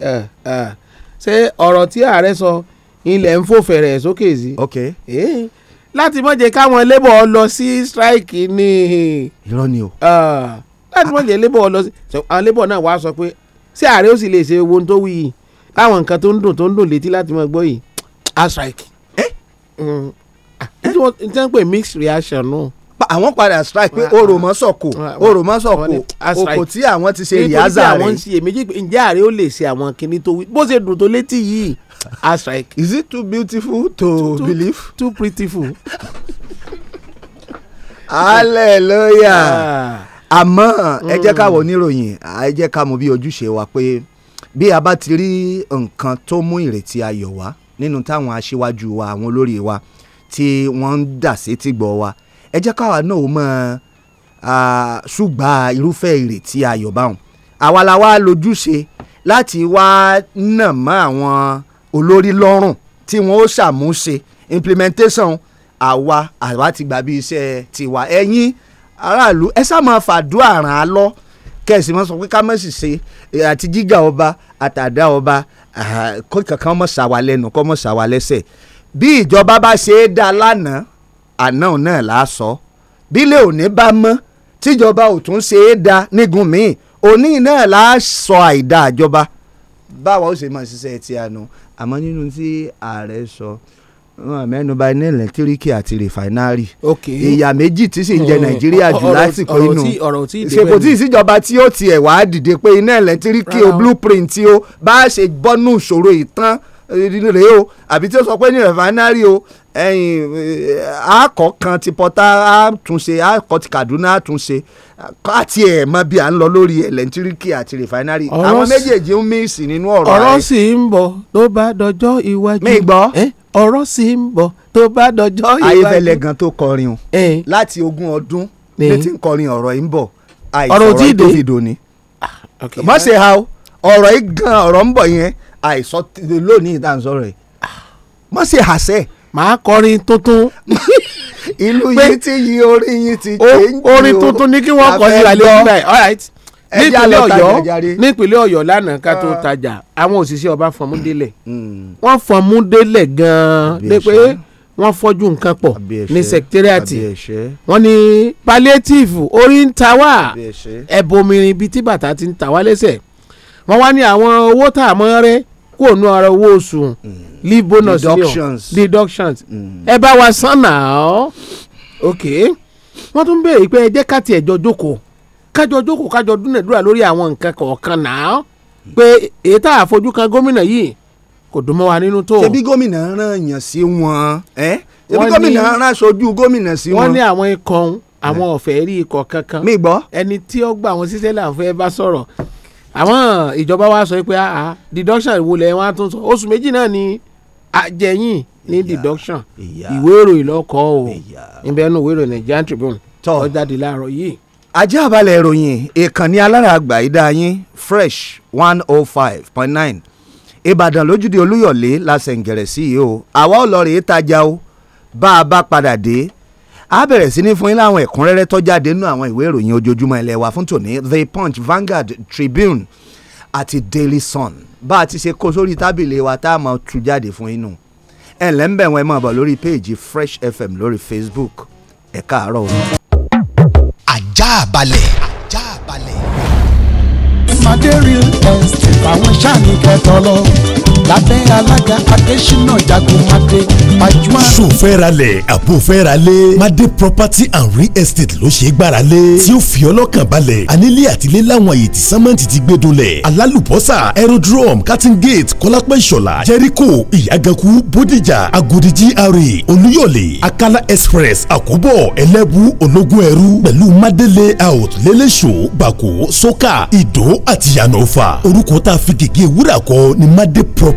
ṣé ọ̀rọ̀ tí ààrẹ sọ ilẹ̀ ń fò fẹ̀rẹ̀ sókè sí. ok eh, láti mọ̀ jẹ́ káwọn labour lọ sí strike ni. irọ́ ni o. Ah, láti mọ̀ jẹ́ labour lọ sí àwọn labour náà wàá sọ pé ṣé ààrẹ ó sì lè ṣe ohun tó wí yìí láwọn nǹkan tó ń dùn tó ń dùn létí láti mọ̀ gbọ́ yìí a strike. ẹ eh? ẹ mm. ah, tí wọ́n ń pè mixed reaction náà. No àwọn padà strike pé òròmọ́sọ̀kò òròmọ́sọ̀kò òkò tí àwọn ti ṣe ìyáza rẹ̀. àwọn ń ṣe èméjì pé ǹjẹ́ àárẹ̀ ó lè ṣe àwọn kinní tó wí bó ṣe dùn tó létí yìí a strike. is it too beautiful to believe? too, pretty. too prettiful.
hallelujah ah. àmọ́ ẹ jẹ́ ká hmm. wọ oníròyìn ẹ jẹ́ ká mọ̀ bí ojúṣe wa pé bí a bá ti rí nǹkan tó mú ìrètí ayọ̀ wá nínú táwọn aṣíwájú wa àwọn olórí wa tí wọ́n ń dà sétígbọ̀ wa. Mm ẹ jẹ́ káwa náà ó máa ṣùgbọ́n irúfẹ́ ìrètí ayọ̀ báwọn àwa la wá lójúṣe láti wá nà mọ́ àwọn olórí lọ́rùn tí wọ́n ó ṣàmúṣe implementation àwa àwa ti gbà bí iṣẹ́ tiwa ẹ̀yin aráàlú ẹ sá máa fàdúrà ràn án lọ kẹ̀sì máa sọ pé ká má sì ṣe àti jíjà ọba àtàdá ọba kó kankan mọ̀ ṣàwálẹ́nu kó mọ̀ ṣàwálẹ́sẹ̀ bí ìjọba bá ṣe é dá lánàá àná náà là á sọ bílẹ̀ òní bá mọ́ tíjọba ò tún ṣe é da nígun míì òní náà là á sọ àìdá àjọba báwa ó ṣe máa ṣiṣẹ́ ti àná àmọ́ nínú tí ààrẹ sọ wọn mẹ́nubà iná ẹlẹtíríkì àti rìfàínárì ìyà méjì tí sì ń jẹ oh, nàìjíríà jù lásìkò inú ṣèpò tí ìsìjọba tí ó tiẹ̀ wá dìde pé iná ẹlẹtíríkì o blueprint o bá a ṣe bọ́nú ìṣòro ìtàn rèé o àbí tí ó sọ pé ní rẹ̀fánárì o àkọ́ eh, kan ti pọ́tà àtúnṣe àkọ́ ti Kaduna àtúnṣe àti ẹ̀ mọ bí à ń lọ lórí ẹ̀lẹ́ntíríkì
àti rẹ̀fánárì àwọn méjèèjì ń mìísì nínú ọ̀rọ̀ rẹ̀. ọ̀rọ̀ sì ń bọ̀ ló bá dọjọ́ iwájú. mi gbọ́ ọ̀rọ̀ sì ń bọ̀ tó bá dọjọ́ iwájú. ayéfẹ́lẹ́ gan tó kọrin o
láti ogún ọdún ní ti ń kọrin ọ̀rọ̀ yìí ń bọ̀ àìsàn tó fi dòní. ọ̀rọ̀ yìí gan ọ̀rọ̀ ń bọ̀ yẹn àìsọ lónìí tá à ń sọ̀rọ̀ yìí
mọ̀ sí àṣẹ. màá kọrin tuntun. ìlú yìí ti yí orí yìí ti change o orin tuntun ni kí wọ́n kọ sí ìlú all right nípínlẹ̀ ọ̀yọ́ nípínlẹ̀ ọ̀yọ́ lánàá ká tó ah. tajà àwọn òṣìṣẹ́ ọba fọmúdélẹ̀ mm. wọ́n fọmúdélẹ̀ gan-an dé pé wọ́n fọ́jú nǹkan pọ̀ ní sẹkítẹ́rìàtì wọ́n ní palliative orí ń ta wá ẹ̀bùnmìrìn bíi tí bàtà ti ń ta wá lẹ́sẹ̀ wọ́n wá ní àwọn owó tá a mọ́ rẹ́ kó nu ara owó oṣù mm. leave bonus deductions deductions mm. ẹ bá wa san náà ok wọ́n tún béèrè pé ẹ jẹ́ ká tiẹ̀ jọ jókòó kájọ jókòó kájọ dúnàdúrà lórí àwọn nǹkan kọ̀ọ̀kan náà pé èyí tá a fojú kan gómìnà yìí kò dùn mọ́ wa nínú tó. ṣebí gómìnà rán yàn sí wọn ẹ ṣebí gómìnà rán aṣojú
gómìnà sí wọn. wọ́n ní
àwọn ikọ̀ àwọn ọ̀fẹ́ eh. rí ikọ̀ kankan. ẹni tí ó gba àwọn ṣíṣẹ́ là bá sọ̀rọ̀ àwọn ìjọba wa sọ pé ah deduction wo lẹ́yìn wá tún sọ oṣù méjì náà ni àjẹyìn ní deduction ìwé ìròyìn lọ́kọ́ o ìbẹ́ nu ìwé ìròyìn Nigerian Tribune tó jáde láàárọ̀ yìí. ajá balẹ̀ ìròyìn ìkànnì alárààgbà ìdá yín
fresh one oh five point nine ìbàdàn lójúde olúyọ̀lé la ṣẹ̀ǹgẹ̀rẹ̀ sí yìí o àwa ò lọ rèé tajà o bá a bá padà dé a bẹ̀rẹ̀ sí ní fún yín láwọn ẹ̀kúnrẹ́rẹ́ tó jáde nínú àwọn ìwé ìròyìn ojoojúmọ́ ilé wa fún tòní The Punch, Vanguard, Tribune àti Daily Sun bá a ti ṣe kó sórí tábìlì wa tá a máa tú jáde fún inú ẹ̀ lẹ́ńbẹ̀ wọn ẹ máa bọ̀ lórí péèjì Fresh FM lórí Facebook ẹ káàárọ̀ o. ajá balẹ̀. ajá balẹ̀.
ìmàdé real estate àwọn sáà ní kẹtọ lọ lábẹ́ alága adésínà jagun máde
pajúmọ́. sòfẹ́ralẹ̀ àbòfẹ́ralẹ̀ máde property and real estate ló ṣe é gbáralẹ̀ tí ó fi ọlọ́kàn balẹ̀ anílé àtìlé láwọn àyè tí sẹ́mẹ́ǹtì ti gbé dunlẹ̀ alálùbọ́sà aerodrome cutting gate kọ́lápẹ́ ìṣọ̀lá jẹ́ríkò ìyàgànkù bódìjà agodi gra olúyọ̀lé akala express àkóbọ̀ ẹlẹ́bù ológun ẹrú pẹ̀lú máde layout lẹ́lẹ́ṣọ́ bàkó sọ́kà ìdó àti yànnọ́fà orúkọ tá a fi gègé ni máde property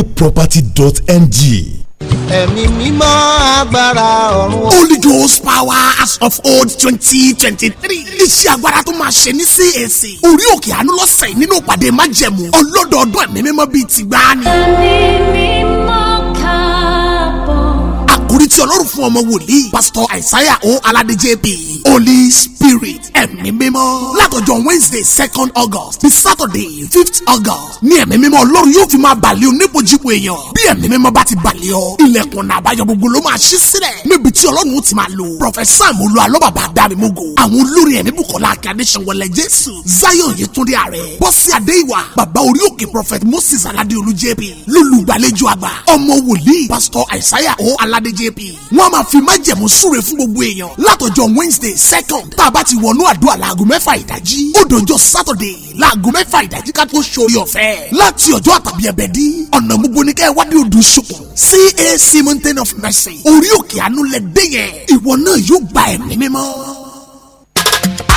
holidayproperty.ng
ẹ̀mí mímọ́ agbára ọ̀run. holy ghost power as of old twenty twenty three. iṣẹ́ agbára tó máa ṣe ní CAC. orí òkè àánú lọ́sẹ̀ nínú ìpàdé májẹ̀mú. ọlọ́dọọdún ẹ̀mí mímọ́ bíi tìgbà ni. ẹ̀mí mímọ́ àkórí tí ọlọ́run fún ọmọ wòlíì pásítọ̀ àìsáyà ó aládé jp holy spirit ẹ̀mí mímọ́ látọjọ́ wednesday second august bí saturday fifth august ní ẹ̀mí mímọ́ ọlọ́run yóò fi máa bàlẹ́ onípojípo èèyàn bí ẹ̀mí mímọ́ bá ti bàlẹ́ ọ ilẹ̀kùn náà àbáyọ gbogbo ló máa ṣí sílẹ̀ níbi tí ọlọ́run ó ti máa lò prọfẹsà àmúlò alọ́bàbà dárimógo àwọn olórin ẹ̀mí bùkọ́lá akadéṣanwọlẹ̀ jésù zion yìtúndé ààrẹ bọ́sí adéìwà bàbá orí òkè prophet moses aládéolú jp lólùgbàlejò àgbà ọmọ wòlíì pásítọ̀ àìsáyà ó aládé ccap wọ́n máa fi májẹ̀mú súre fún gbogbo èèyàn látọjọ́ wednesday second tá a bá ti wọnú àdúrà láago mẹ́fà ìdájí ó dọjọ́ saturday láago mẹ́fà ìdájí ká tó ṣorí ọ̀fẹ́ láti ọjọ́ àtàbí ẹ̀bẹ̀ dí ọ̀nà gbogbo ní kẹ́ ẹ wádìí odò ṣokùn cac mountain of mercy orí òkè àánú lẹ dé yẹn ìwọ náà yóò gba ẹ̀mí mímọ́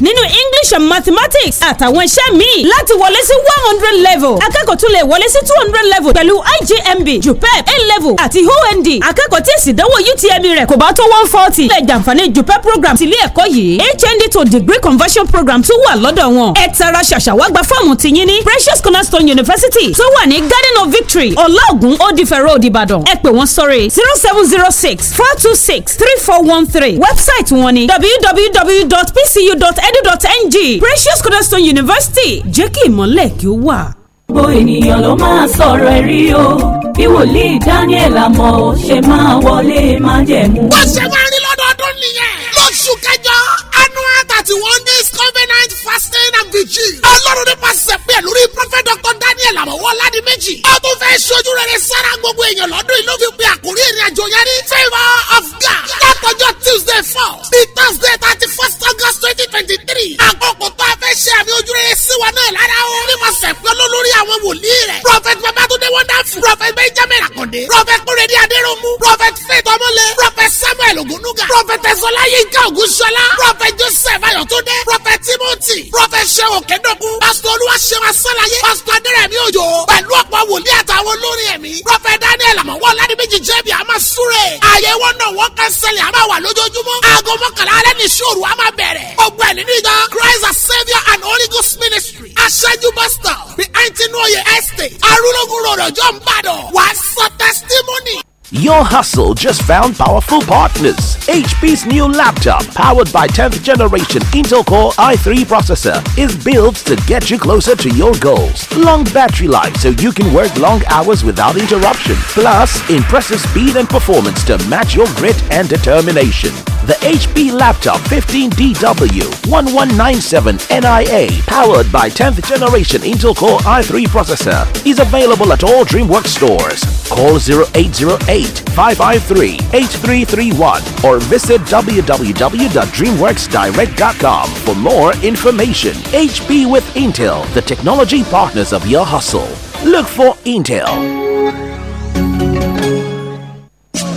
nínú English and mathematics àtàwọn iṣẹ́ míì láti wọlé sí one hundred level akẹ́kọ̀ọ́ tún lè wọlé sí two hundred level pẹ̀lú IJMB Jupep A level àti OND akẹ́kọ̀ọ́ tí èsì UTM UTME rẹ̀ kò bá tó one forty lè jàǹfààní JUPEB program tìlé ẹ̀kọ́ yìí HND to degree conversion program tún wà lọ́dọ̀ wọn ẹ tara ṣàṣàwágbá fọ́ọ̀mù tìyín ní Precious Cornerstone University tó wà ní Garden of Victory ọlọ́ọ̀gùn òdìfẹ́ road Ìbàdàn ẹ pè wọ́n sórí zero seven zero six four two six three four one three website wọn ni www.pcu.nl edu.ng Precious Cornerstone University jẹ́ kí ìmọ̀lẹ̀ kí ó
wà. Gbogbo ènìyàn ló máa sọ̀rọ̀ ẹ̀rí o bí wòlíì Daniel àmọ́ ṣe máa wọlé májẹ̀mú. Wọ́n ṣe máa rí lọ́dọọdún nìyẹn lóṣù kẹjọ
twenty one days covenant fasting and vigil. ọlọ́run nípasẹ̀ pé lórí prophet dr daniel àmọ̀wọ́ ládi méjì. ó tún fẹ́ ṣojú rere sára gbogbo èèyàn lọ́dún yìí ló fi pe àkórí ìrìn àjò yẹn ní. favour of god látọjọ́ tuesday four bíi thursday thirty first august twenty twenty three. àkókò tó a fẹ́ ṣe àmì ojú rere sí wa náà lára o. nípasẹ̀ pé olólórí àwọn wòlíì rẹ̀. prophet babatunde wonderful. prophet benjamin akande. prophet kúrẹ́dí adéròmù. prophet faith ọmọlé. prophet samuel ogunuga. prophet ẹ̀sọ́lá yínká ògúnṣọlá. prophet joseph ayọ̀ ayọ̀ tó dé prophet timothy prophet seun òkèdókun pastor olúwaṣẹ́wọ̀n asálàyé pastor adẹ́rẹ̀mí òjò pẹ̀lú ọ̀pọ̀ wòlíì àtàwọn olórin ẹ̀mí prophet daniel àmọ̀wọ́ ọ̀làdìbíjì jẹ́bi àmà súre ààyè wọn náà wọ́n kẹ́sẹ̀lẹ̀ àmà wà lójoojúmọ́ aago mọ́kànlá alẹ́ ní ìṣòro àmà bẹ̀rẹ̀ gbogbo ẹ̀ nínú ìjọ christ as saviour and holy ghost ministry aṣáájú pastor behind tinuoye estate arúlógún rọ̀rọ̀ jọ̀ ń bàdàn wàá sọ testimony.
Your hustle just found powerful partners. HP's new laptop, powered by 10th generation Intel Core i3 processor, is built to get you closer to your goals. Long battery life so you can work long hours without interruption. Plus, impressive speed and performance to match your grit and determination. The HP Laptop 15DW 1197NIA, powered by 10th generation Intel Core
i3 processor, is available at all DreamWorks stores. Call 0808 553-8331 or visit www.dreamworksdirect.com for more information. HP with Intel, the technology partners of your hustle. Look for Intel.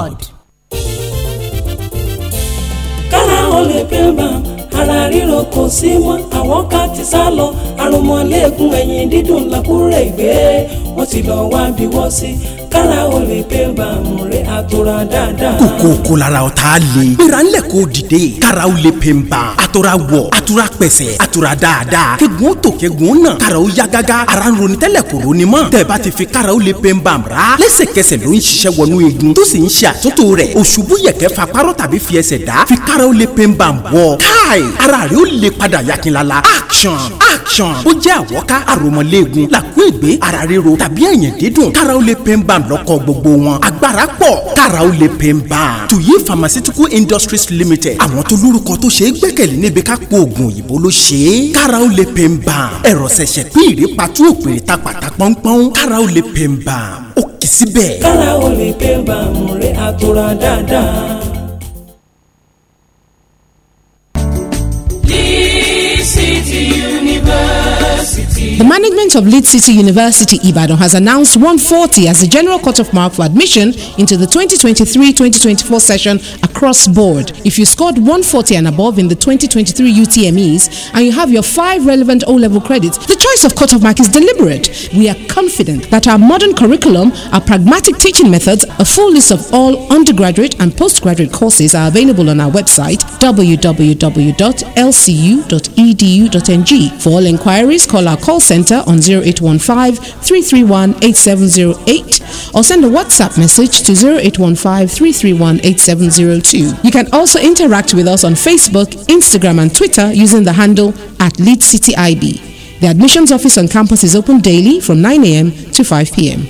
God. ara ríro kò sí mọ́ àwọn ká ti sá lọ àròmọ léegun ẹ̀yìn dídùn làkúrẹ́ ìgbé wọ́n ti lọ wá bí wọ́n sí kára o lè pé bàmù rẹ̀ àtòrà dáadáa.
kòkòkò lára ọ̀tá le. gbéra ńlẹ̀ kó dìde. kára o lè pè ń bà. wọ̀ àtòrà pẹ̀sẹ̀ àtòrà dáadáa. kegun tó kegun náà. kára o ya gágá. ara ń ronú tẹ́lẹ̀ kò ronú mọ́. tẹ̀bá ti fi kára o lè pè ń bà mọ́ra. lẹ́sẹ̀kẹsẹ̀ ló ń ṣiṣẹ́ wọnú igun. tó sì ń ṣe àtúntò rẹ̀. òṣùbù yẹ̀kẹ́ fa párọ̀ tàbí fi ẹsẹ̀ dá. fi kára o lè pè ń wọ. káà fine ara rẹ̀ ó lè padà yakinlala action action ó jẹ́ àwọ́ká àròmọléegun làkúègbé ara ríro tàbí ẹ̀yìn dídùn kára ó lè pain balm lọ́kọ̀ gbogbo wọn agbára pọ̀ kára ó lè pain balm tuyi pharmaceutical industries limited àwọn tó lórúkọ tó ṣe é gbẹ́kẹ̀lé níbi ká po oògùn òyìnbó ló ṣe é kára ó lè pain balm ẹ̀rọ ṣẹ̀ṣẹ̀ pín ìrèpàtú òpèrè ta pàtà pọ́npọ́n kára ó lè pain balm ó
kì í síbẹ̀. kára ó lè pain balm rẹ̀ àtòrà dáadáa The
management of Leeds City University Ibadan has announced 140 as the general cut-off mark for admission into the 2023-2024 session across board. If you scored 140 and above in the 2023 UTMEs and you have your five relevant O-level credits, the choice of cut-off mark is deliberate. We are confident that our modern curriculum, our pragmatic teaching methods, a full list of all undergraduate and postgraduate courses are available on our website www.lcu.edu.ng. For all inquiries, call our call Center on 0815-331-8708 or send a WhatsApp message to 0815-331-8702. You can also interact with us on Facebook, Instagram and Twitter using the handle at Lead City IB. The admissions office on campus is open daily from 9 a.m. to 5 p.m.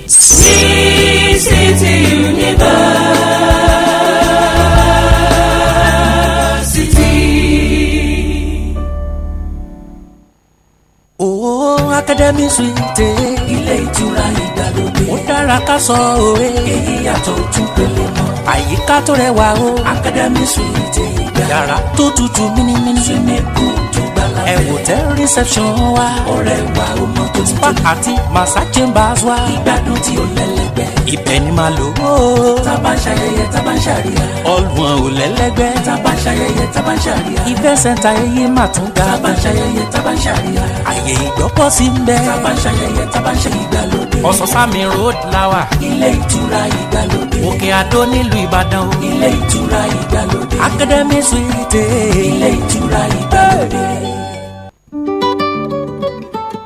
Academy Suite. Ilé ìtura ìgbàlódé. Ó dára ká sọ òwe. Èyí yàtọ̀ ojú pele
mọ́. Àyíká tó rẹwà o. Academy Suite ìgbà. Yàrá tó tutù mímímí. Swimming pool ẹ wò tẹ́ reception wa. ọ̀rẹ́ wa ó mọ tó ti tó. spa àti
massage chambers wa. ìgbádùn tí ó lẹ́lẹ́gbẹ́. ibẹ̀ ni màá lò ó. tábà ń ṣayẹyẹ tábà ń ṣàríyá. ọlùwọ̀n ò lẹ́lẹ́gbẹ́. tábà ń ṣayẹyẹ tábà ń ṣàríyá. ìfẹ́ sẹ́ńtà ẹyẹ mà tún ga. tábà ń ṣayẹyẹ tábà ń ṣàríyá. àyè ìgbọ́pọ̀ sí ń bẹ. tábà ń ṣayẹyẹ tábà ń ṣe ìgbàlódé. ọ̀sánsámi road lawa. ilé ìtura ìgbàlódé. òkè àdó
nílùú ìbàdàn ilé ìtura ìgbàlódé. academy suite. ilé ìtura ìgbàlódé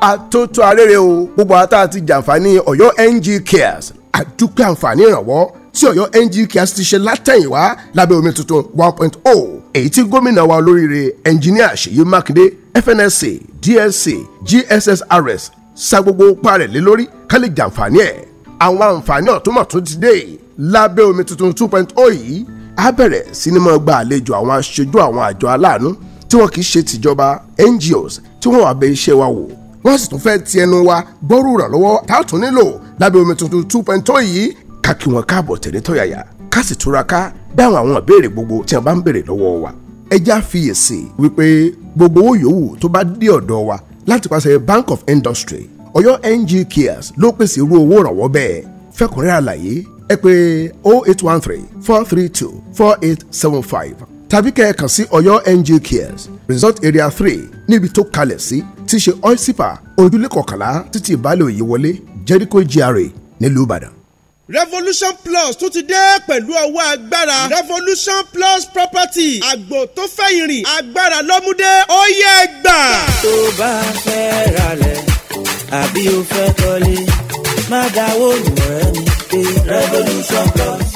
àtótó arére o gbogbo àtà àti jàǹfààní Ọ̀yọ́ NG Cares àdúpẹ́ àǹfààní ìrànwọ́ tí Ọ̀yọ́ NG Cares ti ṣe látẹ̀yìnwá lábẹ́ omi tuntun one point o oh. èyí tí gómìnà wa olóríire ẹnjìníà Ṣèyí Mákindé FNSA DSA GSSRS sa gbogbo pa rẹ̀ lé lórí ká lè jàǹfààní ẹ̀ àwọn àǹfààní ọ̀túnmọ̀tún ti dé lábẹ́ omi tuntun two point o oh yìí á bẹ̀rẹ̀ sinimá gba àlejò àwọn aṣojú àwọn àjọ aláàánú tí wọn kì í ṣe tìjọba NGOs tí wọn wà bẹ iṣẹ́ wa wò wọ́n sì tún fẹ́ ti ẹnu wa gbọ́rú ìrànlọ́wọ́ tá a tún nílò lábẹ́ omi tuntun two point two oh yìí ká kí wọn káàbọ̀ tẹ̀lé tọ̀yàyà ká sì túraká dáhùn àwọn ìbéèrè gbogbo tí wọ́n bá ń béèrè lọ́wọ́ wa ẹ já fiyèsí wípé gbogbo owó yòówù tó bá dé ọ̀dọ̀ wa láti pàṣẹ Bank of Industry Ọ̀yọ́ NG Cares ló pèsè irú owó ìrànwọ́ bẹ́ẹ̀ fẹ́kùnrin àlàyé ẹ pé 0813 432 4875 tàbí kẹ́ ẹ kàn sí Ọ̀yọ́ NG Cares Resort Area three níbi tó kalẹ̀ sí tí ṣe oil sipa ojúlé kọkànlá títí ìbálẹ̀ òye wọlé Jericho GRA nílùú Ìbàdàn revolution plus tún ti dé pẹ̀lú
ọwọ́ agbára revolution plus property àgbò tó fẹ́ ìrìn agbára lọ́múdé ó yẹ gbà. tó bá fẹ́ ralẹ̀ àbí o fẹ́ kọ́lé má dáwọ́ lù ẹ́ pé
revolution plus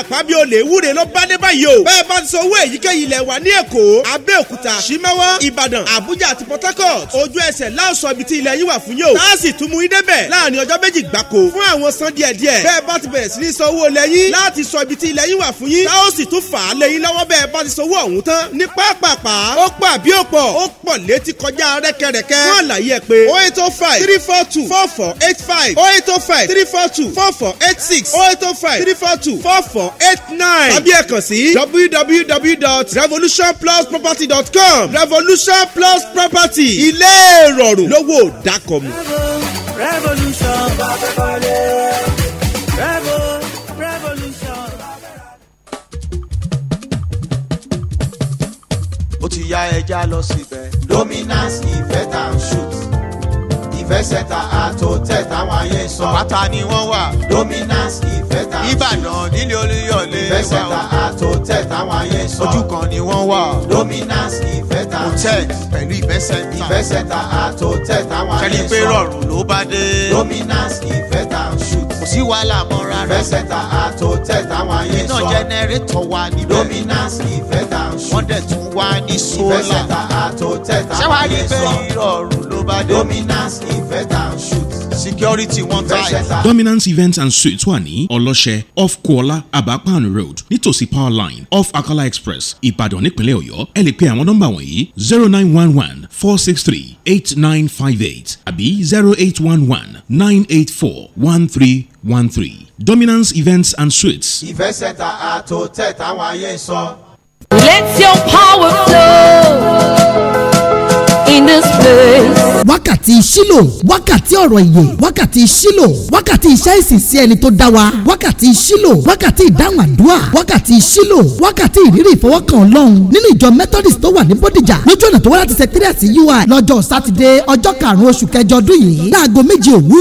àpábí olè wúre ló bá dé báyìí o. bẹ́ẹ̀ bá ń san owó èyíkéyìí ilẹ̀ wà ní èkó abẹ́òkúta simẹ́wọ́ ìbàdàn àbújá àti port harcourt ojú ẹsẹ̀ láòsọ ibi tí ilẹ̀ yín wà fún yóò. láàsì tún mú idé bẹ̀ láàrin ọjọ́ méjì gbáko fún àwọn san díẹ̀ díẹ̀. bẹ́ẹ̀ bá ti bẹ̀rẹ̀ sí ní san owó lẹ́yìn láti sọ ibi tí ilẹ̀ yín wà fún yín. táwọn sì tún fà á lẹ́yìn lọ́wọ́ bẹ́ẹ̀ bá ti sanwó ọ̀hún tán. ní pápápá ó pọ̀ àbí ó pọ̀ ó pọ̀ létí kọjá rẹ́kẹrẹ́kẹ́. fún àlàyé ẹ pé oh eight oh five three four two four four eight five oh eight oh five three four two four four eight six oh eight oh five three four two four four four eight nine tàbí ẹ kàn sí www.revolutionplusproperty.com revolution plus property ilé ìrọ̀rùn lówó dákọ̀mù. revolution ó ti yá ẹja lọ síbẹ̀. dominance ìfẹ́ tà ṣùtì ìfẹsẹ̀ta àtòtẹ̀ táwọn ayé ń sọ. bàtà ni wọ́n wà. dominance ìfẹ́ta. ìbàdàn nílé olúyọ̀lé wà. ìfẹsẹ̀ta àtòtẹ̀ táwọn ayé ń sọ. ojú kan ni wọ́n wà. dominance ìfẹ́ta. hotel pẹ̀lú ìfẹsẹ̀ta. ìfẹsẹ̀ta àtòtẹ̀ táwọn ayé ń sọ. kẹ́lí pé rọrùn ló bá dé. dominance ìfẹ́ta ń kò sí wàhálà mọ́ rárá. fẹsẹ̀tà àtò tẹ̀tà wọn ayé sọ. iná jẹnẹrétọ̀ wà níbẹ̀. dominance ìfẹ́ta ń sùn. wọ́n dẹ̀ tún wá ní sólà. ìfẹsẹ̀tà àtò tẹ̀tà wọn ayé sọ. ṣé wàá rí bẹ́ẹ̀ ìrọ̀rùn ló bá dé. dominance ìfẹ́ta ń sùn
security wọ́n tire.
dominance events and suites wà ní ọlọ́ṣẹ́ off kuola abapan road nítòsí power line off akala express ìbàdàn nípínlẹ̀ ọ̀yọ́ ẹ lè pe àwọn nọ́mbà wọ̀nyí zero nine one one four six three eight nine five eight àbí zero eight one one nine eight four one three one three dominance events and suites. ìfẹsẹ̀ta
àtò tẹ̀ táwọn ayé sọ. let your power flow
wákàtí sílò wákàtí ọ̀rọ̀ ìyè wákàtí sílò wákàtí iṣẹ́ ìsìnsí ẹni tó dá wa wákàtí sílò wákàtí ìdáhùn àdúrà wákàtí sílò wákàtí ìrírí ìfọwọ́kàn ọlọ́run nínú ìjọ methodist tó wà ní bódìjà lójú
ọ̀nà tó wá láti sẹ́kírẹ́ẹ̀sì ui lọ́jọ́ sátidé ọjọ́ karùn-ún oṣù kẹjọ ọdún yìí láago méje òwúrọ̀